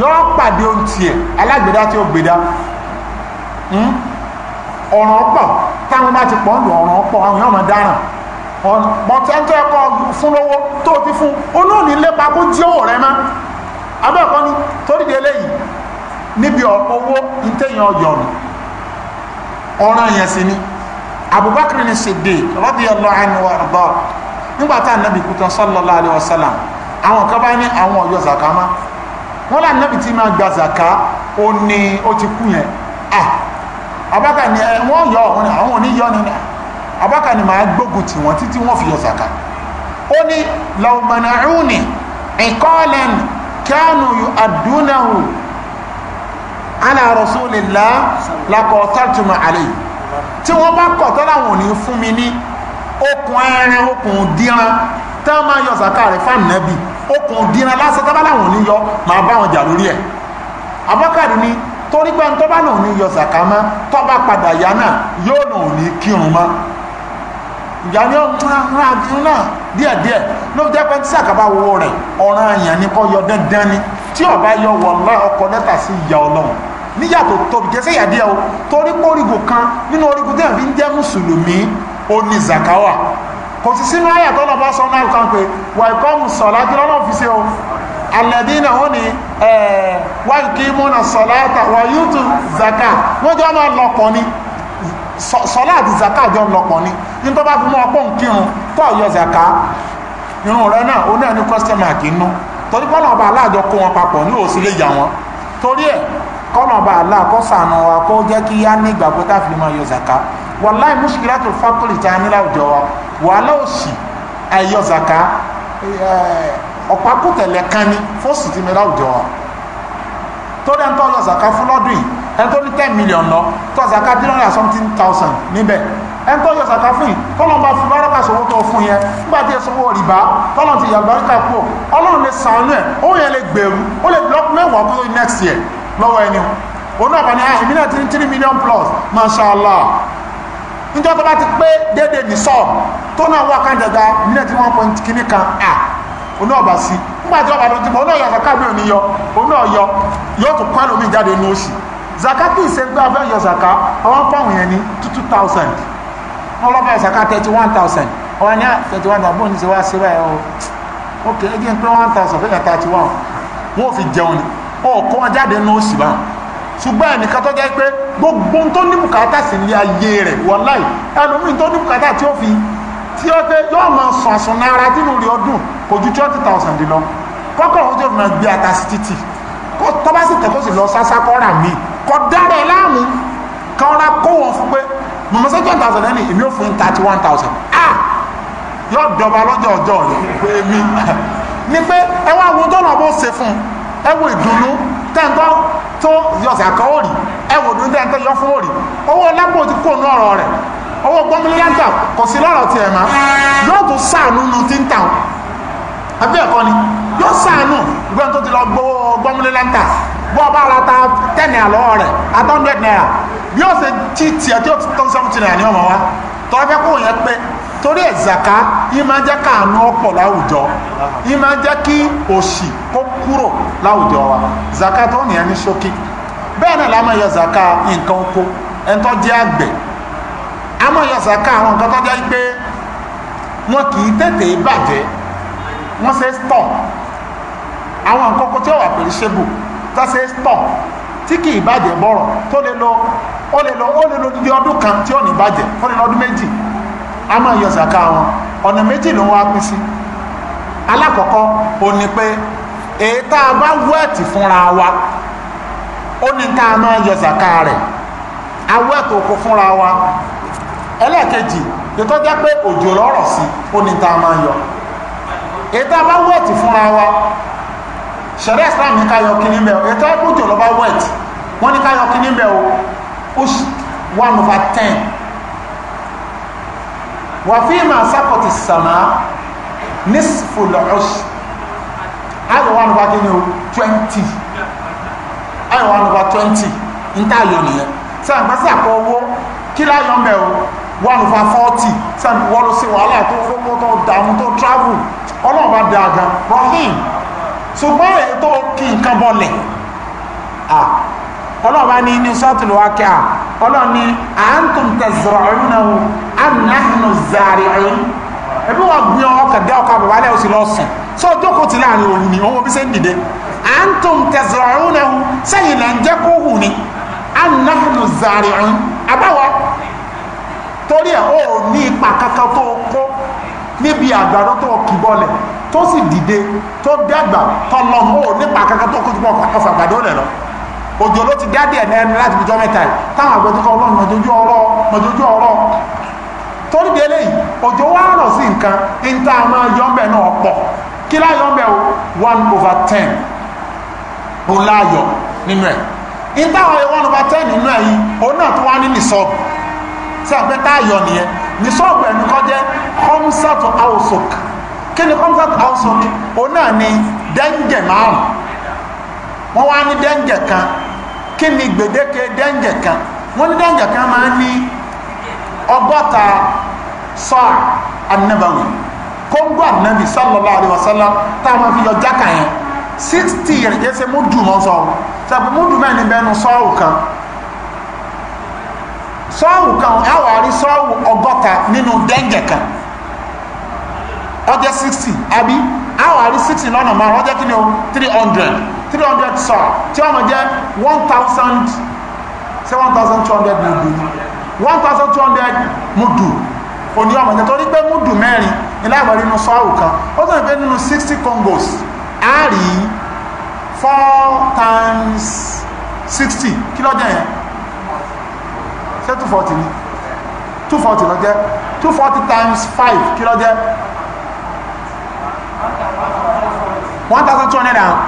yọ pàdé ohun tiẹ̀ alágbèdá tí ó gbèdá hmm? ọ̀ràn pọ̀ táwọn bá ti pọ̀ ń lò ọ̀ràn pọ̀ àwọn yóò máa dáràn bọ̀tẹ́ntẹ́ ẹ̀kọ́ fún lówó tó ti fún olóòní lépa kó jí owó rẹ mọ́ abẹ́ẹ̀kọ́ ni torí de eléyìí níbi owó ìtẹ̀yìn ọjọ́ ni ọ̀ràn yẹn sì ni Abubakar ni Siddiq radiyallahu anhu wa arda nígbà tá ànábì kú tán sallallahu alaihi wasallam àwọn kan ni ní àwọn ọ̀yọ́ zakama wọ́n lá nẹ́bì tí máa gba zaka ó ní ó ti kú yẹn à abáka ni wọ́n yọ ọ̀hún ni àwọn òní yọ ni abáka ni máa gbógun tì wọ́n títí wọ́n fi yọ zaka ó ní laumanaruni ìkọ́lẹ̀n kánú àdúnáhù ala rasulillah lakọ̀ọ́tàtùmọ̀ àlè tí wọ́n bá kọ̀ tọ́láwọn òní fún mi ní okùn ẹran okùn díran tá a máa yọ zaka rẹ̀ fáànù nẹ́bì okùn dínà lásán tábà láwọn ní yọ máa bá wọn jà lórí ẹ̀ abọ́kàdì ni torí pé tó bá náà ní yọ zaka mọ́ tó bá padà yá náà yóò náà ní kírun mọ́ ìjà ni ó rán àdínú náà díẹ̀díẹ̀ ló jẹ́ pé tí sàkàbà wo rẹ̀ ọ̀ràn àyàn ni kò yọ dandan ni tí ọba yọ wọ̀lá ọkọ̀ lẹ́tà sí ìyá ọlọ́run níyà tóbi jẹ́ sẹ́yà o torí pé orígun kan nínú orígun tẹ́yà fi ń jẹ́ mùsùlùmí ó zakawa kò sí sínú ayà tọ́lọ̀ bá sọ náà kan pé wà ìkọ́mù sọ̀lá kí lọ́nà fi ṣe o alẹ́dínà ó ní wà kí múnà sọ̀lá wà yútù zaka wọ́n jọ máa lọ́pọ̀ ni sọ̀lá àti zaka jọ lọ́pọ̀ ni ní tó bá fi mọ́ ọpọ́ nkírun tó yọ zaka irun rẹ náà ó náà ní question mark inú torí pọ́nà ọba aláàjọ kó wọn papọ̀ ní òsì lè yà wọn torí ẹ̀ kọ́nọ̀ba Allah kó ṣàánú wa kó jẹ́ kí á ní ìgbàgbọ́ tá a fi máa yọ zaka wàláì mushkilatul faqri tá a ní láwùjọ wa wàhálà òsì àìyọ zaka ọ̀pá kùtẹ̀lẹ̀ kan ní fóòsì tí mi láwùjọ wa tó dẹ́n tó yọ zaka fún lọ́dún yìí ẹni tó ní ten million lọ tó zaka three hundred and something thousand níbẹ̀ ẹni tó yọ zaka fún yìí tọ́lọ́n bá fún báràkà sọ̀wọ́ tó fún yẹn nígbà tí èso owó rìbá tọ́lọ́n ti yàgbáríkà kú ọ ọlọ́run lè sàánú ẹ̀ ó yẹn lè gbèrú ó lè block mẹ́wàá kúrò next year lọ́wọ́ ẹni òun náà bá ní àìmí ah, náà ti ní 3 million plus mashallah níjọ́ tó bá ti pé dédé ní sọ́ọ̀bù tó náà wà kan jẹ̀gà mílẹ̀ tí wọ́n pọ̀n kìíní kan à òun náà bá sí nígbà tí wọ́n bá tó ti mọ̀ òun náà yọ zaka mi ò ní yọ òun náà yọ yóò tún kọ́ ẹlòmíì jáde ní oṣù zaka kì í ṣe gbé abẹ́ yọ zaka àwọn pọ́ùn yẹn ní two thousand wọ́n lọ́ba yọ zaka thirty one thousand ọ̀rọ̀ ní ah, thirty one thousand bóun ní ṣe wá ṣe báyìí o ok ẹ jẹ́ pé one thousand fẹ́ẹ́ thirty one wọ́n ò fi jẹun ni ọ̀kọ́ wọn jáde ní òsì bá ṣùgbọ́n ẹnìkan tó jẹ́ pé gbogbo tó ní bùkátà sí ilé ayé rẹ̀ wọláì ẹlòmíì tó ní bùkátà tí ó fi tí ó pé yóò máa sùn àsùn náírà nínú rí ọdún kò ju twenty thousand lọ kọ́kọ́ òun yóò máa gbé ata sí títì tó bá sì tẹ̀ kó sì lọ sásá kọ́ rà mí kọ́ dára ẹ̀ láàmú kan rà kó wọn fún pé mọ̀mọ́ sẹ́ twenty thousand ẹni èmi ò fún thirty one thousand ah yóò dọba lọ́jọ́ ọjọ́ rẹ̀ pé mi ni pé ẹ wá wo tó lọ́ bó ṣe fún un ẹ wo ìdùnnú tó yọ̀sẹ̀ àkọ́ òrì ẹ wo ìdùnnú yọ fún òrì owó lápò ti kó nú ọ̀rọ̀ rẹ̀ owó gbọ́mílíyàtà kò sí lọ́rọ̀ tiẹ̀ mọ́ yóò tún sáànù nu tí ń tà ó ẹgbẹ́ ẹ̀kọ́ ni yóò sáànù ìgbọ́n tó ti lọ gbọ́ gbọ́mílíyàtà bọ́ ọba ara ta tẹ́nì àlọ́ rẹ̀ àtọ́ndẹ̀ẹ́dì náírà bí ó ṣe tí tiẹ̀ tí ó ti tó seventy naira ní ọmọ wa tọ́ torí ẹ̀ zaka yìí máa jẹ́ káànú ọ̀pọ̀ láwùjọ yìí máa jẹ́ kí òṣì kó kúrò láwùjọ wa zaka tó nìyẹn ní ṣókí bẹ́ẹ̀ náà la máa yọ zaka nǹkan oko ẹni tó jẹ́ àgbẹ̀ a máa yọ zaka àwọn nǹkan tó jẹ́ pé wọn kì í tètè bàjẹ́ wọ́n ṣe stọ̀ àwọn nǹkan oko tí ó wà pẹ̀lú ṣébù tó ṣe stọ̀ tí kì í bàjẹ́ bọ̀rọ̀ tó lè lọ ó lè lọ ó lè lọ odidi ọdún kan tí ò ní bàjẹ́ ó lè lọ ọdún méjì a máa yọ zaka wọn ọ̀nà méjì ló wá pín sí alákọ̀ọ́kọ́ ò ní pé èyí tá a bá wẹ́ẹ̀tì fúnra wa ó ní tá a máa yọ zaka rẹ̀ a wẹ́ẹ̀tì oko fúnra wa ẹlẹ́ẹ̀kejì ètò jẹ́ pé òjò lọ́rọ̀ sí ó ní tá a máa yọ èyí tá a bá wẹ́ẹ̀tì fúnra wa sẹ̀rẹ́ islam ní ká yọ kíní bẹ́ẹ̀ ètò ẹ̀kú òjò lọ́ba wẹ́ẹ̀tì wọ́n ní ká kíní bẹ́ẹ̀ o one over ten wà ma máa sama sàmà ní fòlọ́ọ̀ṣì àìwá nípa kí ni o twenty àìwá nípa twenty ń tà yọ nìyẹn sáà nípa sí àpò owó kí láyọ̀ ń o wà nípa forty sáà wọ́n si ṣe wàhálà tó fọ́pọ́ tó dààmú tó travel ọlọ́run bá da gan rahim ṣùgbọ́n èyí tó kí nǹkan bọ̀lẹ̀ ah ọlọ́ọ̀bá ní inú sọ́ọ̀tùlù wákẹ́ à ọlọ́ọ̀ni à ń tún tẹ̀sọ̀rọ̀ ọ̀run náà àmìnáhìnú zàrí ọ̀run ẹbí wọn gbé ọkà dé ọkà bàbá lẹ́wọ̀ sí lọ́sàn sọ jókòó ti láàrin òru ni owó bí sẹ́ ń dìde à ń tún tẹ̀sọ̀rọ̀ ọ̀run náà sẹ́yìn là ń jẹ́ kó hù ni àmìnáhìnú zàrí ọ̀run abáwọ̀ torí ẹ̀ ó ní ipa kankan tó kó níbi àgbàdo tó kì bọ́lẹ̀ tó sì dìde tó dẹ́gbà tó lọ́mọ́ nípa kankan tó kó tó pọ̀ ọ̀fà àgbàdo rẹ̀ lọ òjò ló ti dádì ẹ̀ lẹ́nu láti fi jọ mẹ́ta yìí táwọn àgbẹ̀ tó kọ́ ọlọ́run mọ̀jọ́jú ọ̀rọ̀ mọ̀jọ́jú ọ̀rọ̀ torí de eléyìí òjò wá rọ̀ sí nǹkan ń tá a máa yọ ọ́nbẹ̀ náà pọ̀ kí láyọ̀ ọ́nbẹ̀ o one over ten ó láyọ̀ nínú ẹ̀ ń táwọn ayọ̀ one over ten nínú ẹ̀ yìí òun náà tó wá ní nìsọ́ọ̀bù sí àgbẹ̀ tá a yọ nìyẹn nìsọ́ọ̀bù ẹ̀ nìkan jẹ́ comsat household kí ni comsat household òun náà ní dẹ́ńgẹ̀ márùn-ún wọ́n wá ní dẹ́ńgẹ̀ kan kí ni gbèdéke dẹ́ǹjẹ̀ kan wọ́n ní dẹ́ǹjẹ̀ kan máa ń ní ọgọ́ta sáà anábàwì kóńgó ànábì sallallahu alaihi wasallam tá a máa fi yọ jákà yẹn sixty yẹn kí ẹ ṣe múdù mọ́ sọ sẹ́pù múdù mẹ́rin bẹ́nu sọ́ọ̀rù kan sọ́ọ̀wù kan àwọn àrí sọ́ọ̀wù ọgọ́ta nínú dẹ́ǹgẹ̀ kan ọjọ́ 60 àbí àwọn àrí 60 lọ́nà márùn ọjọ́ kí ni o 300 three hundred sọ tí ọmọ jẹ́ one thousand Say one thousand two hundred mudu one thousand two hundred mudu òní ọmọ jẹ́ torí pé mudu mẹ́rin ní láìpẹ́ nínú sọ́ọ̀rù kan ó tún pé nínú sixty congos á rí four times sixty kí lọ́jọ́ yẹn ṣé two forty ni two forty lọ́jẹ́ two forty times five kí lọ́jẹ́ one thousand two hundred and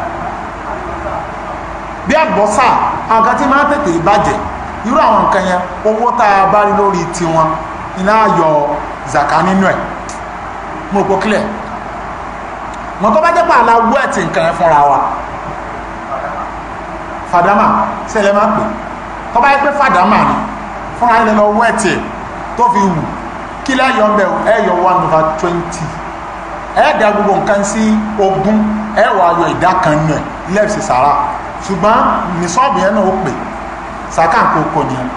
bí àgbọ́sà àwọn kan tí máa tètè bàjẹ́ irú àwọn nǹkan yẹn owó tá a bá rí lórí tiwọn iná yọ zaka nínú ẹ̀ mo rò pé clear wọn tó bá jẹ́ pé aláwọ̀ ẹ̀ ti nǹkan yẹn fúnra wa fàdámà sẹ́lẹ̀ máa pè tó bá yẹ pé fàdámà ni fúnra yẹn lọ wọ́ ẹ̀ tiẹ̀ tó fi wù kí lẹ́yọ̀ ń bẹ̀ ẹ̀yọ̀ one over twenty ẹ̀ẹ́dà gbogbo nǹkan sí ogún ẹ̀wà ayọ̀ ìdá kan nù ẹ̀ lẹ́ẹ̀sì sàrà ṣùgbọ́n nìṣọ́ọ̀bù yẹn náà ó pè zaka nǹkan oko nìyẹn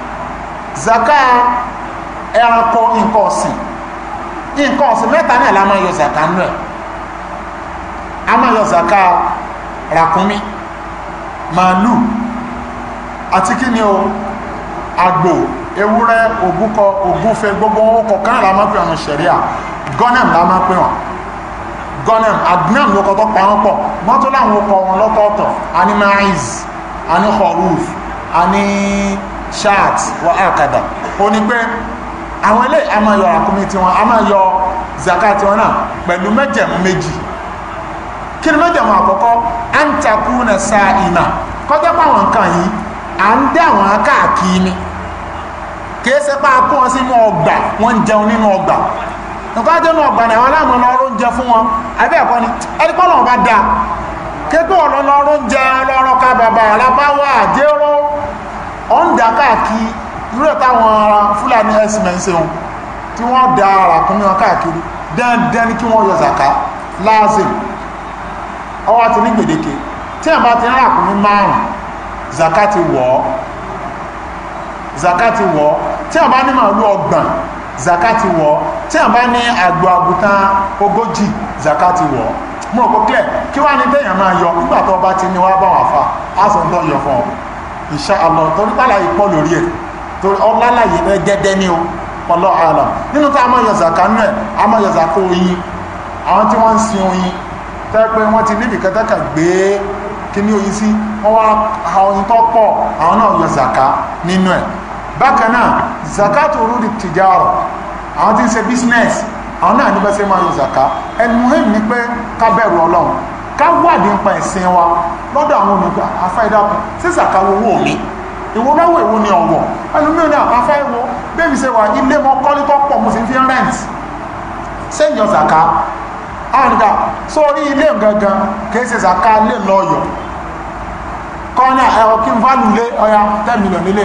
zaka ẹranko nǹkan ọ̀sìn nǹkan ọ̀sìn mẹ́ta náà la máa yọ zaka nù ẹ̀ a máa yọ zaka ràkúnmí màálù àti kí ni o àgbò ewúrẹ́ òbúkọ ògúnfe gbogbo owó kọ̀ọ̀kan la máa pè wọn ṣẹ̀ríà gọ́nẹ̀m la máa pè wọn gunam adnam ló kọ́ tó parán pọ̀ wọ́n tó láwọn ọkọ̀ wọn lọ́tọ̀ọ̀tọ̀ a ní maiz a horuf a akada àwọn ilé a máa yọ àkúmí tiwọn a máa yọ zakat wọn náà pẹ̀lú mẹ́jẹ̀mú méjì kí ni mẹ́jẹ̀mú àkọ́kọ́ na sa ìmà kọjá pàwọn nǹkan yìí à ń dá àwọn akáàkiri ni kì í a kó wọn sínú ọgbà wọn ń jẹun nínú ọgbà nǹkan tó náà gbàdá àwọn aláàmọ́ lọ oúnjẹ fún wọn abẹ́ ẹ̀kọ́ ni ẹni pọ́ lọ́wọ́ bá dáa képe ọ̀nà lọ oúnjẹ ọlọ́rọ̀ ká bàbá alábáwá àjẹrọ ọ̀ǹdà káàkiri irú ẹ̀ táwọn ara fúlàní ẹ̀sìmẹ̀ ń ṣeun tí wọ́n da ara kún wọn káàkiri dandan ni kí wọ́n yọ zàká láàzìm ọwọ́ ti ní gbèdéke tí ẹ̀ bá ti ń ràkúnmí márùn-ún zàká ti wọ̀ ọ́ zàká ti wọ̀ ọ́ tí ẹ̀ bá ní màálù ọgbọ̀n zakati wọ̀ tí a bá ní àgbò àgùntàn ogójì zakati wọ̀ mo rò pé clear kí wá ní téèyàn máa yọ nígbà tó bá ti ní wá bá wà fa aṣọ ń tọ́ yọ fún ọ insha Allah torí pàlàyé pọ̀ lórí ẹ̀ torí ọlálàyé ẹ gẹ́gẹ́ ní o pọ̀lọ́ àlà nínú tá a máa yọ zaka náà a máa yọ zaka oyin àwọn tí wọ́n ń sin oyin tẹ́ pé wọ́n ti níbi kẹtẹ́kẹ̀ gbé kíní oyin sí wọ́n wá oyin tó pọ̀ àwọn náà yọ zaka nínú ẹ̀ bákan zaka zakat urudi tijara àwọn tí ń ṣe business àwọn náà ní bá máa yọ zaka ẹlmuhim ni pé ká bẹ̀rù ọlọ́run ká wádìí nípa ẹ̀sìn wa lọ́dọ̀ àwọn onígbà afáìdàpọ̀ sí zaka owó mi ìwo lọ́wọ́ ìwo ni ẹlòmíràn ní àpáfá ìwo ṣe wà ilé mọ́ kọ́lítọ́ pọ̀ mo sì fi zaka àǹdà sórí ilé gangan kìí ṣe zaka lè lọ́yọ̀ kọ́ni ẹ̀rọ kí n fálù lé ọya 10 ile nílé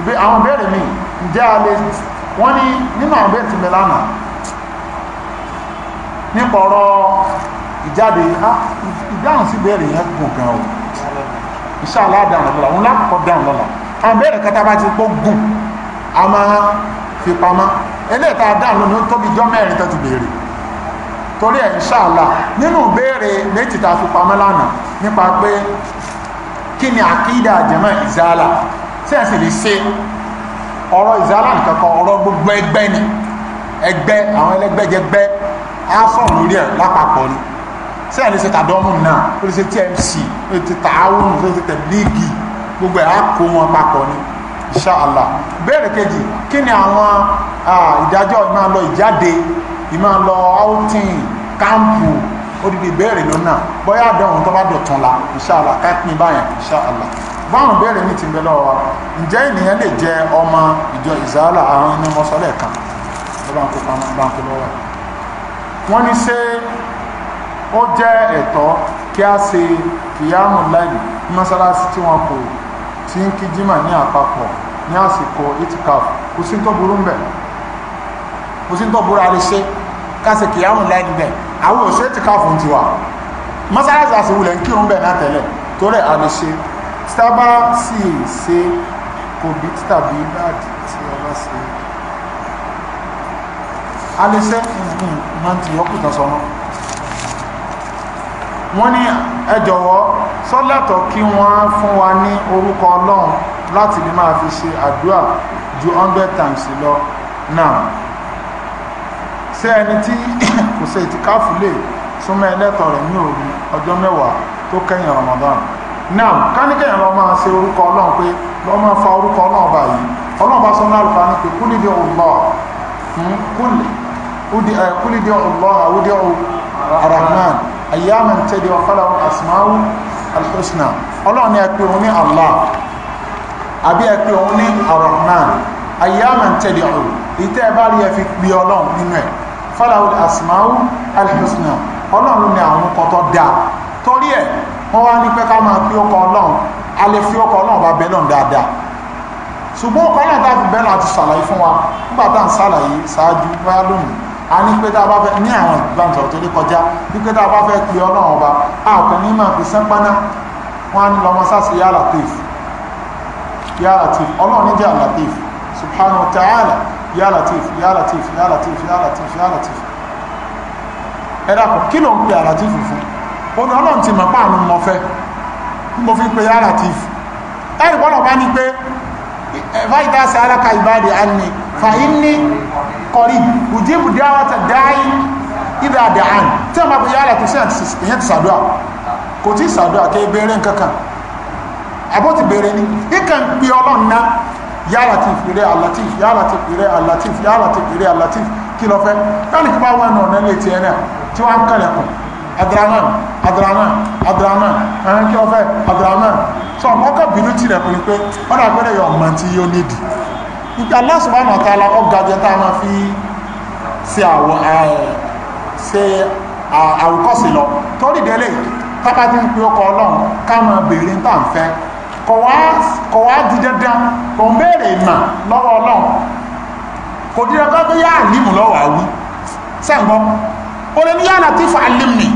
ìbí àwọn béèrè mi ǹjẹ́ a lè wọ́n ní nínú àwọn béèrè ti mẹ́ lánàá nípa ọ̀rọ̀ ìjáde ìdáhùn sí béèrè yẹn gùn gan o iṣẹ́ aládàrún lọ́la òun lápapọ̀ dáhùn lọ́la àwọn béèrè kẹta bá ti pọ̀ gùn a máa fi pamọ́ eléyìí tá a dáhùn lónìí ó tóbi jọ́ mẹ́rin tó ti béèrè torí ẹ̀ ṣáàlà nínú ìbéèrè méjì fi pamọ́ lánàá nípa pé kí ni àkídà jàmá ìzálà sí àti lè ṣe ọ̀rọ̀ ìzálà kankan ọ̀rọ̀ gbogbo ẹgbẹ́ ni ẹgbẹ́ àwọn ẹlẹ́gbẹ́jẹgbẹ́ á sọ̀rọ̀ lórí ẹ̀ lápapọ̀ ni sí àti lè ṣe tàdọ́mù náà ó lè ṣe tmc ó lè ṣe tààwùn ó lè ṣe tẹ̀lígì gbogbo ẹ̀ á kó wọn papọ̀ ni insha Allah bẹ́ẹ̀rẹ̀ kejì kí ni àwọn ìdájọ́ ìmá lọ ìjáde ìmá lọ outing kámpù odidi ìbéèrè lónà bóyá àdéhùn tó bá dọ̀tún la insha Allah kápín báyẹn insha Allah báwọn bẹ̀rẹ̀ ní ti ń wa lọ́wọ́ ǹjẹ́ ènìyàn lè jẹ ọmọ ìjọ ìzáàlà àwọn iná mọ́sọ́lẹ̀ kan lọ́bàǹkó lọ́wọ́ wọ́n ní ṣé ó jẹ́ ẹ̀tọ́ kí a ṣe kìyàmù láìlì ní mọ́sálásí tí wọn kò tí ń kí jímà ní àpapọ̀ ní àsìkò itikaf kò sí tó burú mbẹ̀ kò sí tó burú àríṣe ká ṣe kìyàmù láìlì bẹ̀ àwọn òṣèlú itikaf ń tiwa mọ́sálásí àṣewulẹ̀ ń kírun bẹ̀ náà tẹ́lẹ̀ torí àríṣe sábà sì ṣe kò bí tàbí dáàdì tí ọba ṣe alẹ́sẹ́ ìgbìn máa ti yọkùtà sọmọ́ wọ́n ní ẹ jọ̀wọ́ sọ́lẹ̀tọ̀ kí wọ́n fún wa ní orúkọ ọlọ́run láti lè máa fi ṣe àdúrà ju 100 times lọ náà ṣé ẹni tí kò ṣe ìtìkáfù lè súnmọ́ ẹlẹ́tọ̀ rẹ̀ ní òru ọjọ́ mẹ́wàá tó kẹ́yìn Ramadan náà káníkẹ̀yàn lọ máa ṣe orúkọ ọlọ́run pé lọ máa fa orúkọ ọlọ́run bá yìí ọlọ́run bá sọ́nà àlùfà ní pé kúlì dé ọlọ́ kúlì dé ọlọ́ àwùdí arahman ayyáma ń tẹ́lẹ̀ ọ̀fàlà asmáwù alhusna ọlọ́run ni ẹ pé òun ní allah àbí ẹ pé òun ní arahman ayyáma ń tẹ́lẹ̀ ọ̀rọ̀ ìtẹ́ ẹ bá rí ẹ fi pè ọlọ́run nínú ẹ̀ wọ́n wá ní pé ká máa fi ọkọ̀ ọlọ́run a lè fi ọkọ̀ ọlọ́run bá bẹ́ẹ̀ náà dáadáa ṣùgbọ́n ọkọ̀ ọlọ́run tá a fi bẹ́ẹ̀ náà ti ṣàlàyé fún wa nígbà tá à ń ṣàlàyé ṣáájú báyá lónìí a ní pé tá a bá fẹ́ ní àwọn ìgbàǹtọ̀ tó lè kọjá ní pé tá a bá fẹ́ pe ọlọ́run ọba a kò ní máa fi sẹ́ńpáná wọn á ní lọ́mọ sáàsì yá latif yá latif ọlọ́run jẹ́ latif subhanahu wa ta'ala yá latif yá latif yá latif yá latif yá latif ẹ dàpọ̀ kí ló ń pe àlàtìfù fún òun ọlọ́run ti mọ̀ páàrùn mọ̀ fẹ́ mo fi pe yára ti ẹ̀rì bọ́lọ̀ bá ní pé fáìdá sí aláka ìbáde àní fàyín ní kọrí ùjíbù dáwọ́ta dáì ìdá àdáhàn tí a máa pe yára ti sẹ́yìn ti sàdúà kò tí sàdúà kẹ́ bèèrè nkankan àbó ti bèèrè ní ìkàn pí ọlọ́run náà yára ti fi rẹ̀ alatif yára ti fi rẹ̀ alatif yára ti fi rẹ̀ alatif kí lọ fẹ́ káàkiri bá wà náà nílé tiẹ̀ náà tí wọ́n á kàlẹ̀kùn adraman adraman adraman ẹn kí ọfẹ adraman sọ ọkọ bínú tirẹ pẹ̀lú pé ọdọ àgbẹrẹ yọ ọmọ tí yóò nídìí nígbà Allah subhanahu wa ta'ala ọgá jẹ tá a máa fi ṣe àwọn ṣe àwòkọ́sí lọ torí délé tábà tí ń pe ọkọ̀ ọlọ́run ká máa béèrè ń tà ń fẹ́ kọ̀ wá di dandan kò ń béèrè ìmà lọ́wọ́ ọlọ́run kò dídá kọ́ pé yáà nímù lọ́wọ́ àwí sẹ́ǹgbọ́n ó lè ní yáà láti fà á lé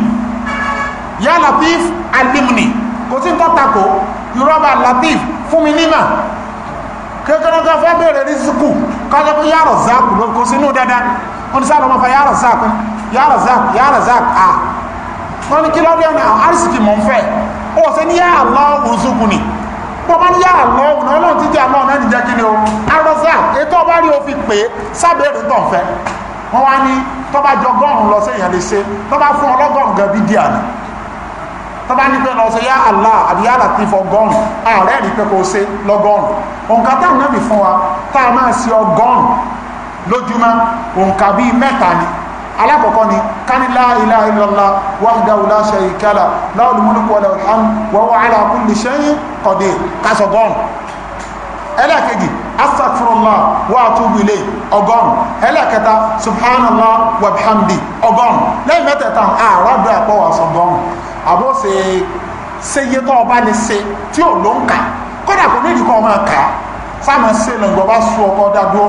ya latif alimni kò sí tọ́tako yorùbá latif fún mi nímà kékeré kan fẹ́ bẹ̀rẹ̀ rìsíkù kájọ pé yàrá zákù ló kó sínú dandan wọn ni sáà lọ́mọ fa yàrá zákù yàrá zákù yàrá zákù à wọn ni kí lọ́dún yẹn náà arísìkì mọ̀ ń fẹ́ ó sẹ́ ní yàrá lọ́wọ́ òzùkù ni bọ́bá ní yàrá lọ́wọ́ náà ọlọ́run ti jẹ́ àlọ́ náà nìjẹ́ kí ni o arọ́sà ètò ọba rí o fi pè é sábẹ́rù tó ń fẹ́ wọ́n wá ní tọ́ba jọgọ́rùn lọ sí èèyàn tọ́ba fún ọlọ́gọ́rùn gan bídíà ni tó bá ní pé lọ sí yá Allah àbí yá Latif ọgọ́rùn ààrẹ rí pé kò ṣe lọ́gọ́rùn òǹkà táwọn náà fi fún wa tá a máa ṣe ọgọ́rùn lójúmọ́ òǹkà bíi mẹ́ta ni alákọ̀ọ́kọ́ ni kánilá ilá ìlọ́lá wáhídáwùlá ṣẹ̀ríkálà láwọ̀lúmúlùkù ọ̀lẹ̀ ọ̀hán wọ́wọ́ alákùnlé ṣẹ́yìn kọ̀dẹ̀ kásọ̀gọ́rùn ẹlẹ́kẹ̀ẹ́gì astagfirullah wa atubu ilayh ọgọ́rùn ẹlẹ́kẹta subhanallah wa bihamdi ọgọ́rùn lẹ́yìn mẹ́tẹ̀ẹ̀ta àárọ̀ àdúrà pọ̀ wà sọ̀gọ́rùn àbó ṣe ṣe iye tó ọba ní ṣe tí ò ló ń kà kódà kò ní ìdíkọ́ ọmọ kà sáà máa ṣe lọ́ngbọ́n bá sún ọkọ̀ dádúró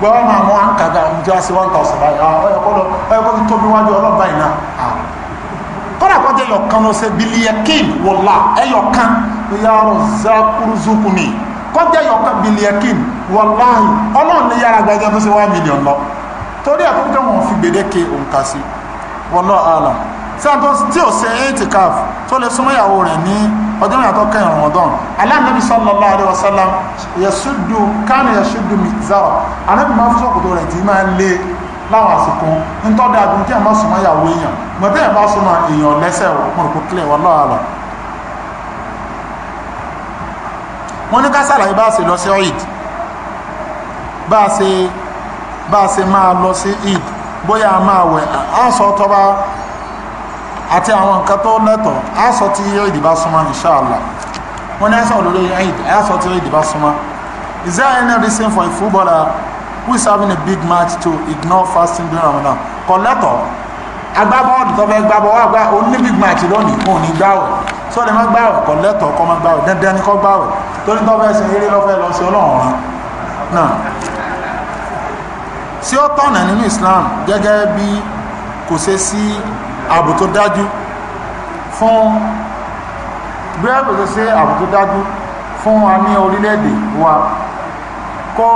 gbọ́ ọmọ àmọ́ à ń kàga ìjọ sí one thousand báyìí ọyọ ah, kọ́ lọ ọyọ kọ́ tóbi wájú ọlọ́ba yìí náà ah. kọ́dà kọ́ jẹ́ ẹyọkan lọ sí bílíẹ̀ kéèlì wọ̀lá ẹyọkan yàrá zakuruzukun ni kọ́ jẹ́ ẹyọkan bílíẹ̀ kéèlì wọ̀lá ọlọ́run yàrá gbajẹ́ sí one million lọ torí àkókò wọn fi gbèdéke òǹkà sí wọlọ́ àlọ́ sẹ́ńtọ́ tí se ṣe etikaf tó lè súnmọ́ ìyàwó rẹ̀ ní ọdún ìyàtọ̀ kẹrin Ramadan aláàbẹ̀bí sallallahu alaihi wasallam yasudu kánú yasudu mizara anábì máa fún sọ́kòtò rẹ̀ tí máa lé láwọn àsìkò ntọ́dà àdùn kí ẹ̀ má súnmọ́ ìyàwó èèyàn mọ̀tẹ́ ẹ̀ bá súnmọ́ èèyàn lẹ́sẹ̀ mọ̀rùkú kílẹ̀ wọ́n lọ́wọ́ àlọ́ wọ́n ní ká sàlàyé bá a ṣe lọ sí id bá a ṣe bá a ṣe máa lọ sí id bóyá a máa wẹ̀ á sọ tọ́ àti àwọn nǹkan tó lẹ́tọ̀ á sọ tí Eid bá súnmọ́ insha Allah wọ́n ní á sọ̀rọ̀ lórí Eid á sọ tí Eid bá súnmọ́ is there any reason for a footballer who is having a big match to ignore fasting during Ramadan kò lẹ́tọ̀ agbábọ́ọ̀lù tó fẹ́ gbábọ́ wà gbá ó ní big match lónìí òun ní gbáwẹ̀ tó lè má gbáwẹ̀ kò lẹ́tọ̀ kó má gbáwẹ̀ dandan ni kó gbáwẹ̀ torí tó fẹ́ sin eré lọ́fẹ́ lọ sí ọlọ́run rán náà sí ó tọ̀nà nínú Islam gẹ́gẹ́ bí kò ṣe sí ààbò tó dájú fún bí ààbò tó ṣe ààbò tó dájú fún wa ní orílẹ̀-èdè wa kó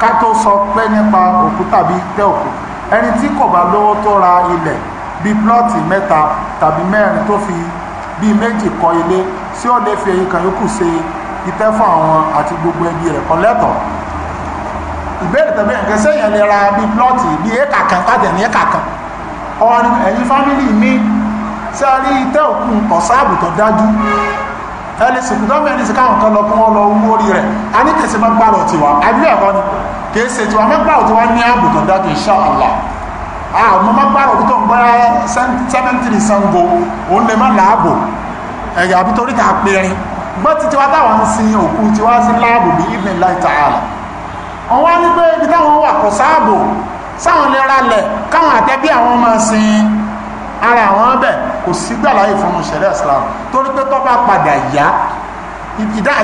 ká tó sọ pé nípa òkú tàbí tẹ́ òkú ẹni tí kò bá lówó tó ra ilẹ̀ bí plọ́ọ̀tì mẹ́ta tàbí mẹ́rin tó fi bí méjì kọ́ ilé tí ó lè fi èyí kan yókù ṣe ìtẹ́ fún àwọn àti gbogbo ẹbí rẹ̀ kọ́ lẹ́tọ̀ọ́ ìbéèrè tẹ̀mí ẹ̀kẹ́ sẹ́yìn lè ra bí plọ́ọ̀tì bí éka kan kájẹ̀ ní éka kan ọwọ́ ẹ̀yìn fámílì mi tí a rí tẹ́ òkun kọ̀ sáàbù tó dájú ẹlẹ́sìn gọ́ọ̀mù ẹlẹ́sìn káwọn kan lọ kún ọ lọ owó orí rẹ̀ a ní kèsì má gbàrọ̀ tiwa ẹ̀kọ́ ni má gbàrọ̀ ní ààbò tó dájú insha má gbàrọ̀ tó ń sango òun lè má ẹ̀yà àbí torí gbọ́ ti táwọn ń sin sí ní pé ibi sáwọn lè ralẹ̀ káwọn àtẹ́bí àwọn máa sin ara àwọn bẹ̀ kò sí gbà láyé fún ṣẹlẹ̀ islam torí pé tó bá padà yá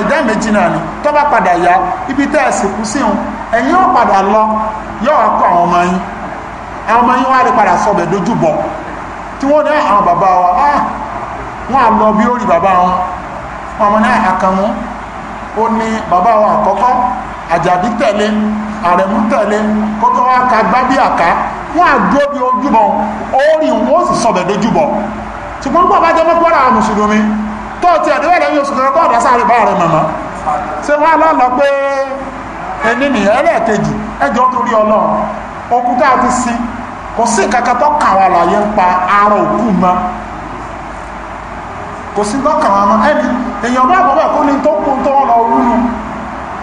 ìdá méjì náà ni tó bá padà yá ibi tẹ́ ẹ̀ sì kú sí òun ẹ̀yin ó padà lọ yóò kọ́ àwọn ọmọ yín àwọn ọmọ yín wá lè padà sọ̀bẹ̀ dojúbọ tí wọ́n ní ah, àwọn bàbá wa ah, wọ́n á lọ bí ó rí bàbá wọn ọmọ náà àkànwọ́n ó ní bàbá wa àkọ́kọ́ àjàdí tẹ̀lé àrẹ̀mú tẹ̀lé kókó wá ka gbábí àká wọ́n àdúró bí ojúbọ orí wọn sì sọ̀bẹ̀ dojúbọ ṣùgbọ́n gbọ́ bá jẹ́ mọ́kúrà mùsùlùmí tó ti ẹ̀dẹ́wẹ̀ lẹ́yìn oṣù kan kọ́ ọ̀dá sáré bá rẹ̀ màmá ṣé wọ́n lọ́lọ́ pé ẹni nìyẹn ẹlẹ́ẹ̀kejì ẹjọ́ torí ọlọ́run òkúta ti sin kò sí kankan tó kàn wà láyé ń pa ara òkú mọ́ kò sí tó kàn wà mọ́ ẹni èèyàn bá bọ́ bẹ́ẹ̀ kó ní tó kún tó lọ wúlù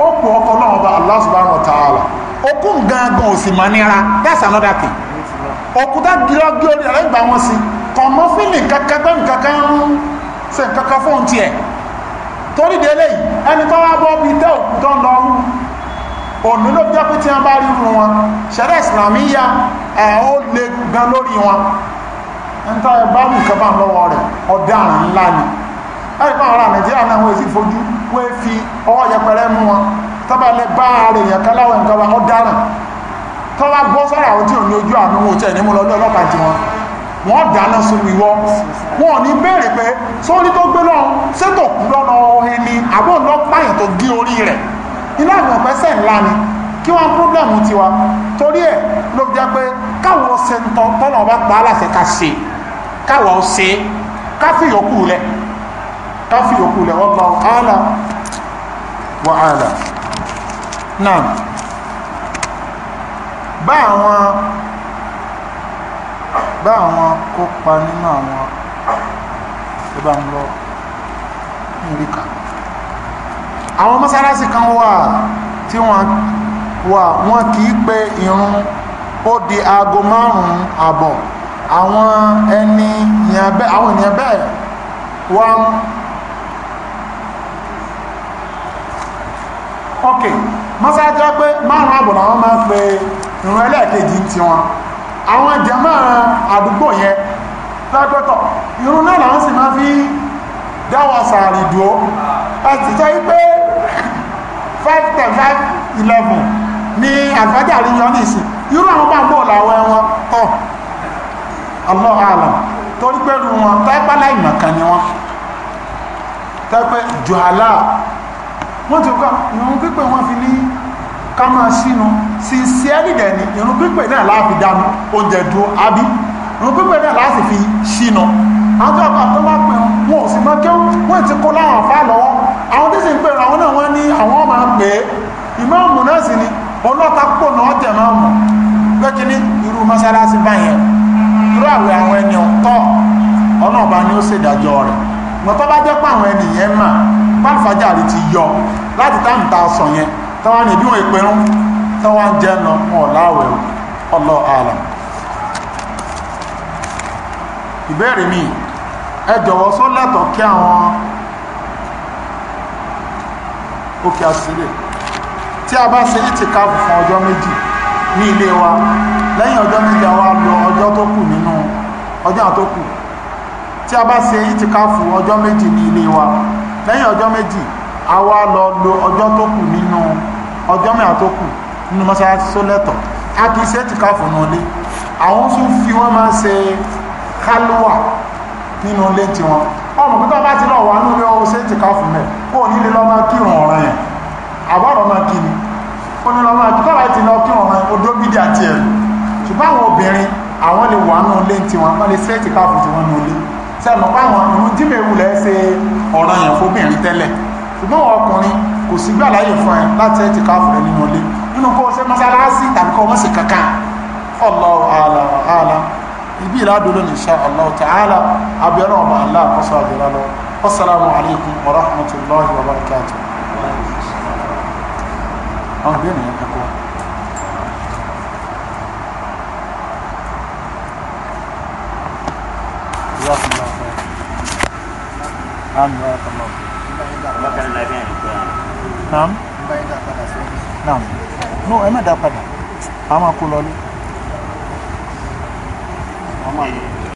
ó pọ̀ ọkọ̀ náà ọba Allah subhanahu wa gangan ò sì that's another thing òkúta gírọ́gí orí ẹ̀rọ ìgbà wọn sí kọ̀mọ́ fílì kankan pé nǹkankan ń ṣe nǹkankan fóun tiẹ̀ torí délé yìí ẹni tó wá bọ́ bíi tẹ́ òkúta lọ rú òní ló jẹ́ pé tí wọ́n bá rí rú wọn ṣẹ̀rẹ̀ ìsìlámì yá ẹ̀ ó le gan lórí wọn ń tọ́ ẹ bá nǹkan bá lọ́wọ́ rẹ̀ ọ̀daràn ńlá ni ẹ̀rìkọ́ àwọn ará nàìjíríà náà wọ́n èsì fojú wọ́n fi ọwọ́ yẹpẹrẹ mú wọn tọ́bà lẹ bá ààrẹ èèyàn kan láwọn nǹkan wa ó dáràn tọ́wà gbọ́ sọ́rọ̀ àwọn tí ò ní ojú àánú wọn tẹ̀ ní mú lọ́dọ̀ ọlọ́pàá tí wọn wọ́n dáná sun ìwọ wọn ò ní béèrè pé sórí tó gbé lọ́hùn sétò kú lọ́nà ọ̀hìn ni àbó ọlọ́pàá tó gé orí rẹ̀ iná àwọn pẹ́sẹ̀ ńlá ni kí wọ́n pọ́blẹ́mù tiwa torí ẹ̀ ló jẹ́ pé káwọn ṣe ń tọ́ tọ́nà ọba pa á láṣẹ ká ṣe káwọn ṣe ká rẹ̀ káfí òkú lẹ̀ wọ́n lọ ààlà wọ ààlà náà bá àwọn bá àwọn kópa nínú àwọn tó bá ń lọ nìríkà àwọn mọ́sálásí kan wà tí wọ́n wà wọ́n kì í irun ó di aago márùn-ún àbọ̀ àwọn ẹni ìyàn bẹ́ẹ̀ wọ́n òkè mọ́sáájú pé márùn àbọ̀ làwọn máa ń pe ìrún ẹlẹ́ẹ̀kejì ti wọn àwọn jàmá àdúgbò yẹn lágbọ́tọ̀ ìrún náà làwọn sì máa fi dáwọ̀ sàárì dúó ẹ jẹ́ wípé five ten five eleven ni àgbájáre yọ ní ìsìn irú àwọn bá ń bọ̀ làwọn ẹwọn tọ̀ Allahu alam torí pẹ́rù wọn tẹ́pẹ́ láì mọ̀kan ni wọn tẹ́pẹ́ jùhálà wọ́n ti kọ́ ìrun pípẹ́ wọ́n fi ní ká máa sínú sincerely dẹ̀ ni ìrun pípẹ́ náà láàfi dánu oúnjẹ dúró àbí ìrun pípẹ́ náà láti fi sínú àwọn tó àpá tó bá pè wọn ò sì mọ́ kéwù wọ́n ti kó láwọn àfá lọ́wọ́ àwọn tí sì ń pè àwọn náà wọ́n ní àwọn máa pè é ìmáàmù náà sì ni ọlọ́ta pọ̀ náà tẹ̀ máa mọ̀ pé kí ní irú mọ́sálásí báyẹn irú àwẹ̀ àwọn ẹni ọ̀tọ̀ ọlọ́ọ̀bá ni ó ṣèdájọ́ rẹ̀ ṣùgbọ́n tó bá jẹ́ pé àwọn ènìyàn mà pálífàjárì ti yọ láti táàmù tá a sọ yẹn tó wá ní bí wọn ìpẹrún tó wá ń jẹ́ nà wọn láwẹ̀ ọlọ́ àlà ìbéèrè mi ẹ jọ̀wọ́ só lẹ́tọ̀ọ́ kí àwọn òkè àṣírí tí a bá ṣe ìtìkáàfù fún ọjọ́ méjì ní ilé wa lẹ́yìn ọjọ́ méjì àwa lọ ọjọ́ tó kù nínú ọjọ́ àtókù tí a bá ṣe ìtìkáfù ọjọ́ méjì ní ilé wa lẹ́yìn ọjọ́ méjì a wá lọ lo ọjọ́ tó kù nínú ọjọ́ mẹ́ta tó kù nínú mọ́ṣáláṣí tó lẹ́tọ̀ a kì í ṣe ìtìkáfù nù ilé àwọn tún fi wọ́n máa ṣe kálúwà nínú ilé tiwọn ọmọ pípa bá ti lọ wà nínú ilé ọwọ́ ṣe ìtìkáfù mẹ́ kó o nílé lọ́ máa kírun ọ̀ràn yẹn àbọ̀rọ̀ máa kí ni ó ní lọ́ máa kí kọ́ra ti lọ kírun ọ̀ràn yẹn odó bídí àwọn lè wà nínú ilé tiwọn wọ́n lè ṣe ìtìkáfù tiwọn nínú ilé sẹ́nu páwọn ìlú jímẹ̀wù lẹ́ ṣe ọ̀ràn yẹn fóbìnrin tẹ́lẹ̀ ṣùgbọ́n ọkùnrin kò sí gbà láyè fún ẹ láti ẹ̀ ti ká fún ẹ nínú ilé nínú kó ṣe mọ́sálásí tàbí kó mọ́sí kankan Allahu àlà àlà ibi ìlàdó lónìí insha Allah ta'ala abẹ́rẹ́ ọmọ àlá àkọ́sọ́ àjọra lọ wassalamu alaikum wa àwọn ìbéèrè yẹn Thank you. Na'am barakallahu. Bákan lábẹ́ àyẹ̀kọ́ yà. Na'am. Na'am. No, ẹ má dá padà. A máa kó lọ ní. Wọ́n máa lọ.